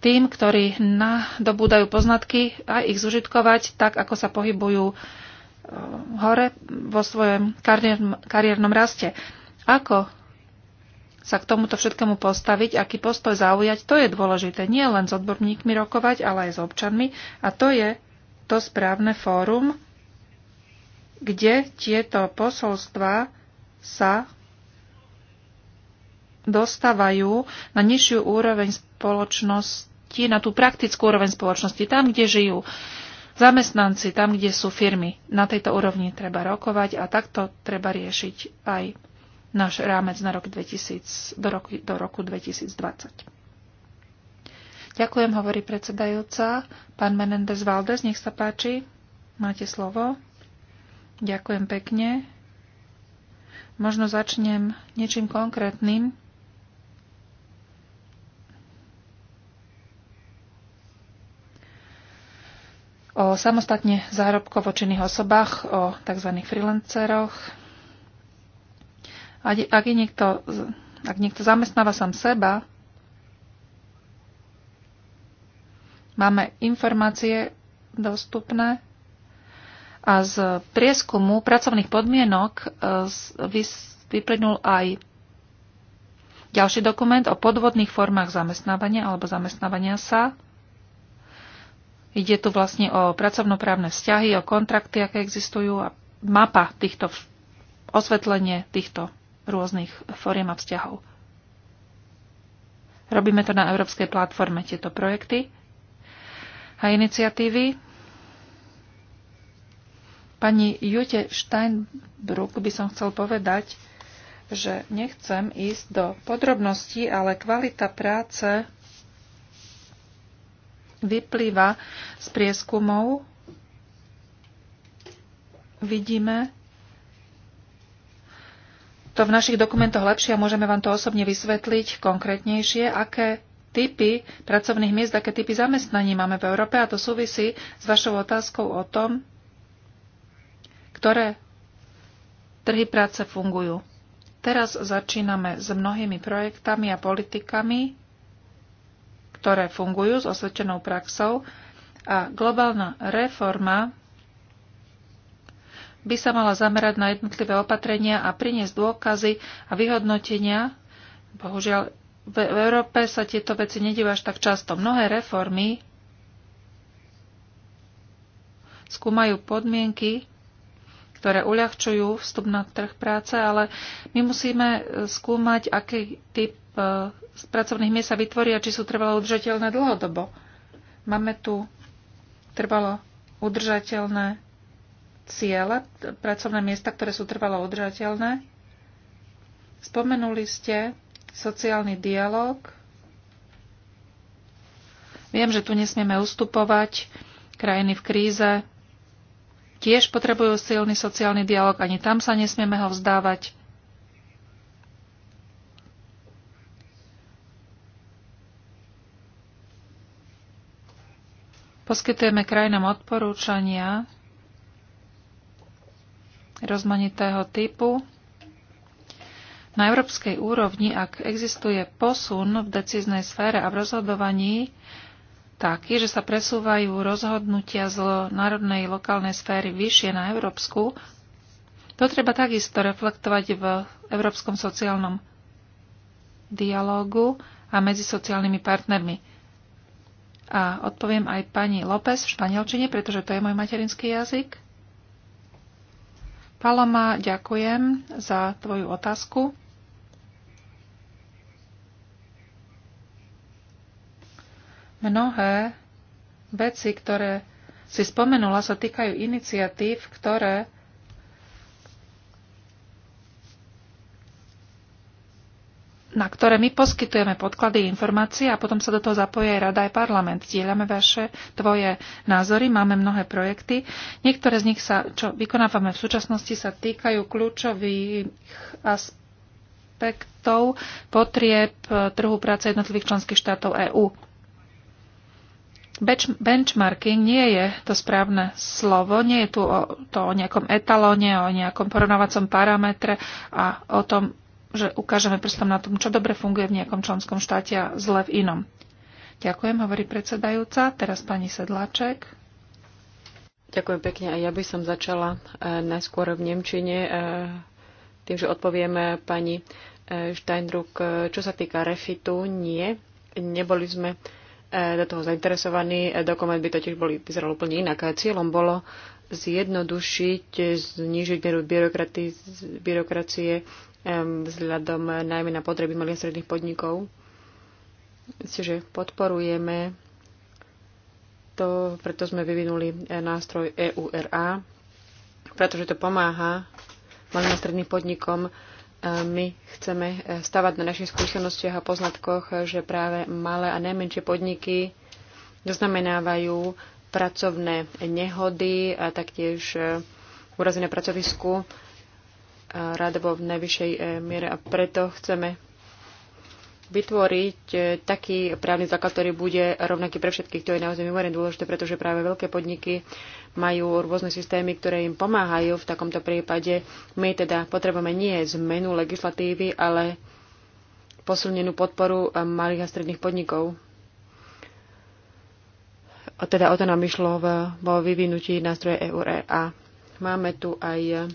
tým, ktorí nadobúdajú poznatky a ich zužitkovať tak, ako sa pohybujú hore vo svojom kariérnom raste. Ako sa k tomuto všetkému postaviť, aký postoj zaujať, to je dôležité. Nie len s odborníkmi rokovať, ale aj s občanmi. A to je to správne fórum, kde tieto posolstva sa dostávajú na nižšiu úroveň spoločnosti, na tú praktickú úroveň spoločnosti, tam, kde žijú zamestnanci tam, kde sú firmy. Na tejto úrovni treba rokovať a takto treba riešiť aj náš rámec na rok 2000, do, roku, do roku 2020. Ďakujem, hovorí predsedajúca. Pán Menendez Valdez, nech sa páči. Máte slovo. Ďakujem pekne. Možno začnem niečím konkrétnym. o samostatne zárobkovo činných osobách, o tzv. freelanceroch. Ak, je niekto, ak niekto zamestnáva sám seba, máme informácie dostupné a z prieskumu pracovných podmienok e, vyplynul aj ďalší dokument o podvodných formách zamestnávania alebo zamestnávania sa Ide tu vlastne o pracovnoprávne vzťahy, o kontrakty, aké existujú a mapa týchto, osvetlenie týchto rôznych fóriem a vzťahov. Robíme to na európskej platforme tieto projekty a iniciatívy. Pani Jute Steinbruck by som chcel povedať, že nechcem ísť do podrobností, ale kvalita práce vyplýva z prieskumov, vidíme to v našich dokumentoch lepšie a môžeme vám to osobne vysvetliť konkrétnejšie, aké typy pracovných miest, aké typy zamestnaní máme v Európe a to súvisí s vašou otázkou o tom, ktoré trhy práce fungujú. Teraz začíname s mnohými projektami a politikami, ktoré fungujú s osvedčenou praxou a globálna reforma by sa mala zamerať na jednotlivé opatrenia a priniesť dôkazy a vyhodnotenia. Bohužiaľ, v Európe sa tieto veci nedívajú až tak často. Mnohé reformy skúmajú podmienky, ktoré uľahčujú vstup na trh práce, ale my musíme eh, skúmať, aký typ eh, z pracovných miest sa vytvoria, či sú trvalo udržateľné dlhodobo. Máme tu trvalo udržateľné ciele, pracovné miesta, ktoré sú trvalo udržateľné. Spomenuli ste sociálny dialog. Viem, že tu nesmieme ustupovať. Krajiny v kríze tiež potrebujú silný sociálny dialog, ani tam sa nesmieme ho vzdávať. Poskytujeme krajinám odporúčania rozmanitého typu. Na európskej úrovni, ak existuje posun v decíznej sfére a v rozhodovaní, taký, že sa presúvajú rozhodnutia z národnej lokálnej sféry vyššie na európsku, to treba takisto reflektovať v európskom sociálnom dialógu a medzi sociálnymi partnermi. A odpoviem aj pani López v španielčine, pretože to je môj materinský jazyk. Paloma, ďakujem za tvoju otázku. Mnohé veci, ktoré si spomenula, sa týkajú iniciatív, ktoré na ktoré my poskytujeme podklady, informácie a potom sa do toho zapoje aj rada, aj parlament. Dielame vaše tvoje názory, máme mnohé projekty. Niektoré z nich, sa, čo vykonávame v súčasnosti, sa týkajú kľúčových aspektov potrieb e, trhu práce jednotlivých členských štátov EÚ. Benchmarking nie je to správne slovo, nie je tu o, to o nejakom etalóne, o nejakom porovnávacom parametre a o tom, že ukážeme prstom na tom, čo dobre funguje v nejakom členskom štáte a zle v inom. Ďakujem, hovorí predsedajúca. Teraz pani Sedláček. Ďakujem pekne. A ja by som začala e, najskôr v Nemčine e, tým, že odpoviem e, pani Steindruck, čo sa týka refitu, nie. Neboli sme do toho zainteresovaní. Dokument by totiž boli, vyzeral úplne inak. Cieľom bolo zjednodušiť, znížiť mieru byrokracie vzhľadom najmä na potreby malých a stredných podnikov. Čiže podporujeme to, preto sme vyvinuli e, nástroj EURA, pretože to pomáha malým a stredným podnikom. E, my chceme e, stavať na našich skúsenostiach a poznatkoch, že práve malé a najmenšie podniky zaznamenávajú pracovné nehody a taktiež úrazy na pracovisku rada v najvyššej e, miere a preto chceme vytvoriť e, taký právny základ, ktorý bude rovnaký pre všetkých. To je naozaj mimoriadne dôležité, pretože práve veľké podniky majú rôzne systémy, ktoré im pomáhajú v takomto prípade. My teda potrebujeme nie zmenu legislatívy, ale posilnenú podporu e, malých a stredných podnikov. Teda o to nám išlo vo vyvinutí nástroje EURE. A máme tu aj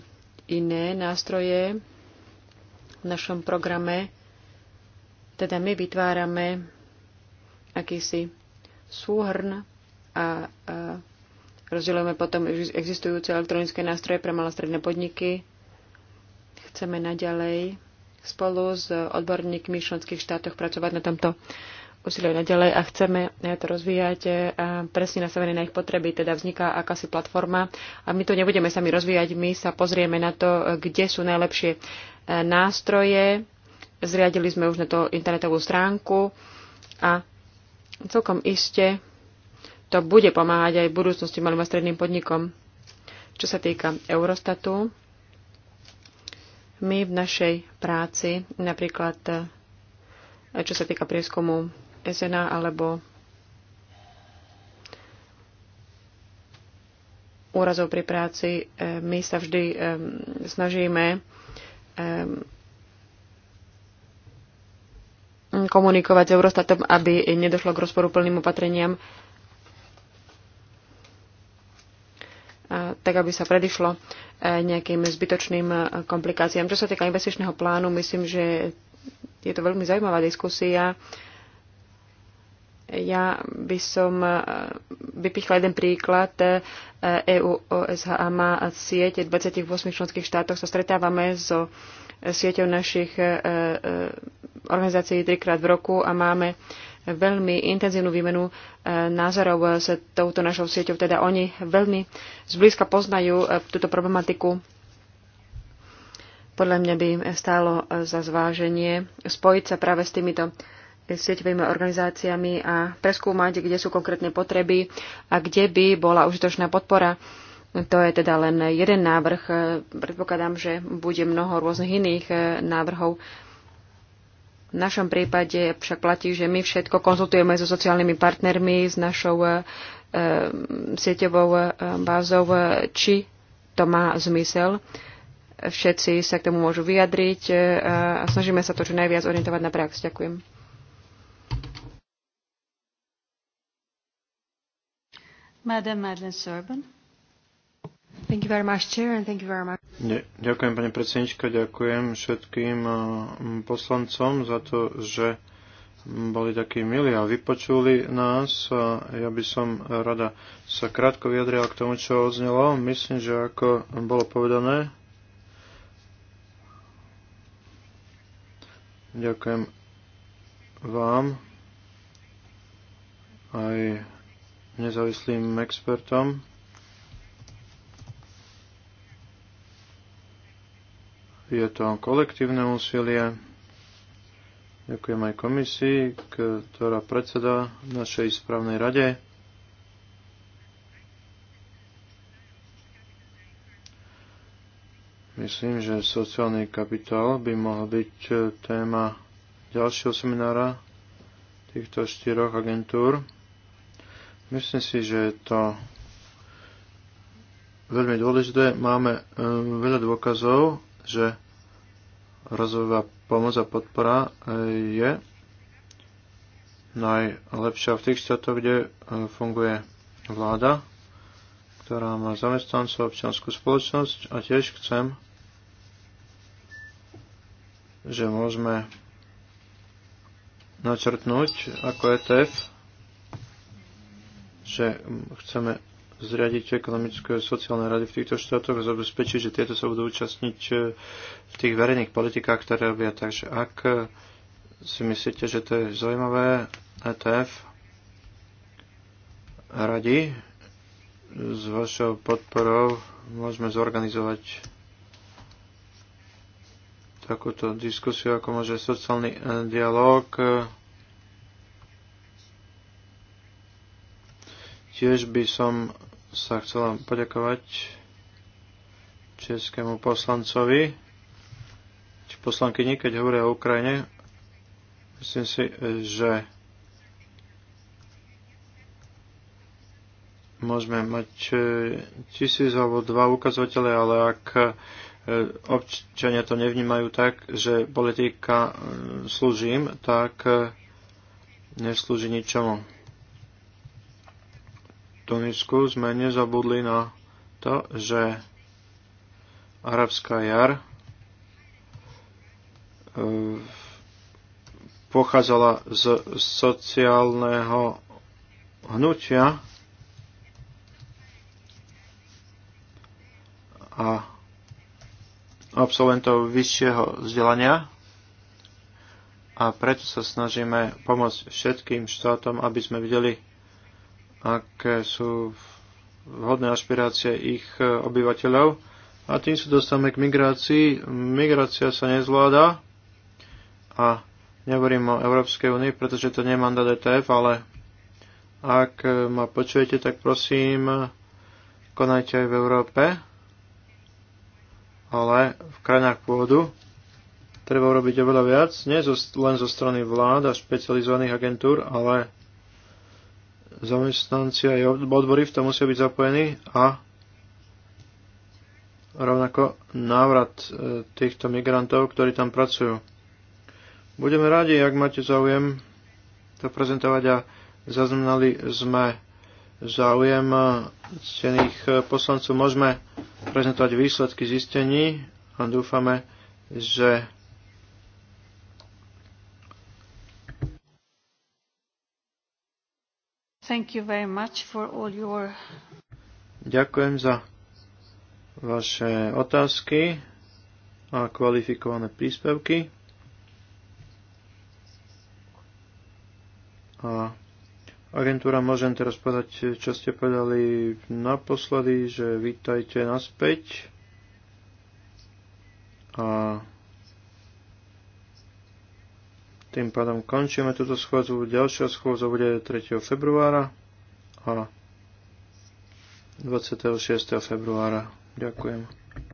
iné nástroje v našom programe. Teda my vytvárame akýsi súhrn a, a rozdielujeme potom existujúce elektronické nástroje pre malé stredné podniky. Chceme naďalej spolu s odborníkmi v členských štátoch pracovať na tomto usilujú naďalej a chceme to rozvíjať e, presne nastavené na ich potreby, teda vzniká akási platforma a my to nebudeme sami rozvíjať, my sa pozrieme na to, kde sú najlepšie e, nástroje, zriadili sme už na to internetovú stránku a celkom iste to bude pomáhať aj v budúcnosti malým a stredným podnikom. Čo sa týka Eurostatu, my v našej práci, napríklad e, čo sa týka prieskumu SNA alebo úrazov pri práci, eh, my sa vždy eh, snažíme eh, komunikovať s Eurostatom, aby nedošlo k plným opatreniam, tak aby sa predišlo nejakým zbytočným komplikáciám. Čo sa týka investičného plánu, myslím, že je to veľmi zaujímavá diskusia. Ja by som eh, vypichla jeden príklad. EU eh, e OSHA má sieť 28 členských štátoch. Sa stretávame so sieťou našich eh, organizácií trikrát v roku a máme veľmi intenzívnu výmenu názorov s touto našou sieťou. Teda oni veľmi zblízka poznajú túto problematiku. Podľa mňa by stálo za zváženie spojiť sa práve s týmito sieťovými organizáciami a preskúmať, kde sú konkrétne potreby a kde by bola užitočná podpora. To je teda len jeden návrh. Predpokladám, že bude mnoho rôznych iných eh, návrhov. V našom prípade však platí, že my všetko konzultujeme so sociálnymi partnermi, s našou eh, eh, sieťovou bázou, či to má zmysel. Všetci sa k tomu môžu vyjadriť a snažíme sa to čo najviac orientovať na prax. Ďakujem. Madam Madeleine Serban. Thank you very much, Chair, and thank you very much. Ďakujem, pani predsednička, ďakujem všetkým poslancom za to, že boli takí milí a vypočuli nás. Ja by som rada sa krátko vyjadrila k tomu, čo odznelo. Myslím, že ako bolo povedané. Ďakujem vám aj nezávislým expertom. Je to kolektívne úsilie. Ďakujem aj komisii, ktorá predseda našej správnej rade. Myslím, že sociálny kapitál by mohol byť téma ďalšieho seminára týchto štyroch agentúr. Myslím si, že je to veľmi dôležité. Máme e, veľa dôkazov, že rozvojová pomoc a podpora e, je najlepšia v tých štátoch, kde e, funguje vláda, ktorá má zamestnancov občianskú spoločnosť a tiež chcem, že môžeme načrtnúť ako ETF že mm, chceme zriadiť ekonomické a sociálne rady v týchto štátoch a zabezpečiť, že tieto sa budú účastniť e, v tých verejných politikách, ktoré robia. Takže ak e, si myslíte, že to je zaujímavé, ETF radi s vašou podporou môžeme zorganizovať takúto diskusiu, ako môže sociálny e, dialog Tiež by som sa chcela poďakovať českému poslancovi, či poslankyni, keď hovoria o Ukrajine. Myslím si, že môžeme mať e, tisíc alebo dva ukazovatele, ale ak e, občania to nevnímajú tak, že politika e, slúžim, tak neslúži ničomu. Donicku sme nezabudli na to, že arabská jar e, pochádzala z sociálneho hnutia a absolventov vyššieho vzdelania a preto sa snažíme pomôcť všetkým štátom, aby sme videli aké sú vhodné aspirácie ich obyvateľov. A tým sa dostávame k migrácii. Migrácia sa nezvláda a nehovorím o Európskej únii, pretože to nie je DTF, ETF, ale ak ma počujete, tak prosím, konajte aj v Európe, ale v krajinách pôvodu treba urobiť oveľa viac, nie len zo strany vlád a špecializovaných agentúr, ale zamestnanci aj odbory v tom musia byť zapojení a rovnako návrat e, týchto migrantov, ktorí tam pracujú. Budeme radi, ak máte záujem to prezentovať a zaznamenali sme záujem cených poslancov. Môžeme prezentovať výsledky zistení a dúfame, že Thank you very much for all your... Ďakujem za vaše otázky a kvalifikované príspevky. A agentúra môžem teraz povedať, čo ste povedali naposledy, že vítajte naspäť. A tým pádom končíme túto schôdzu. Ďalšia schôdza bude 3. februára a 26. februára. Ďakujem.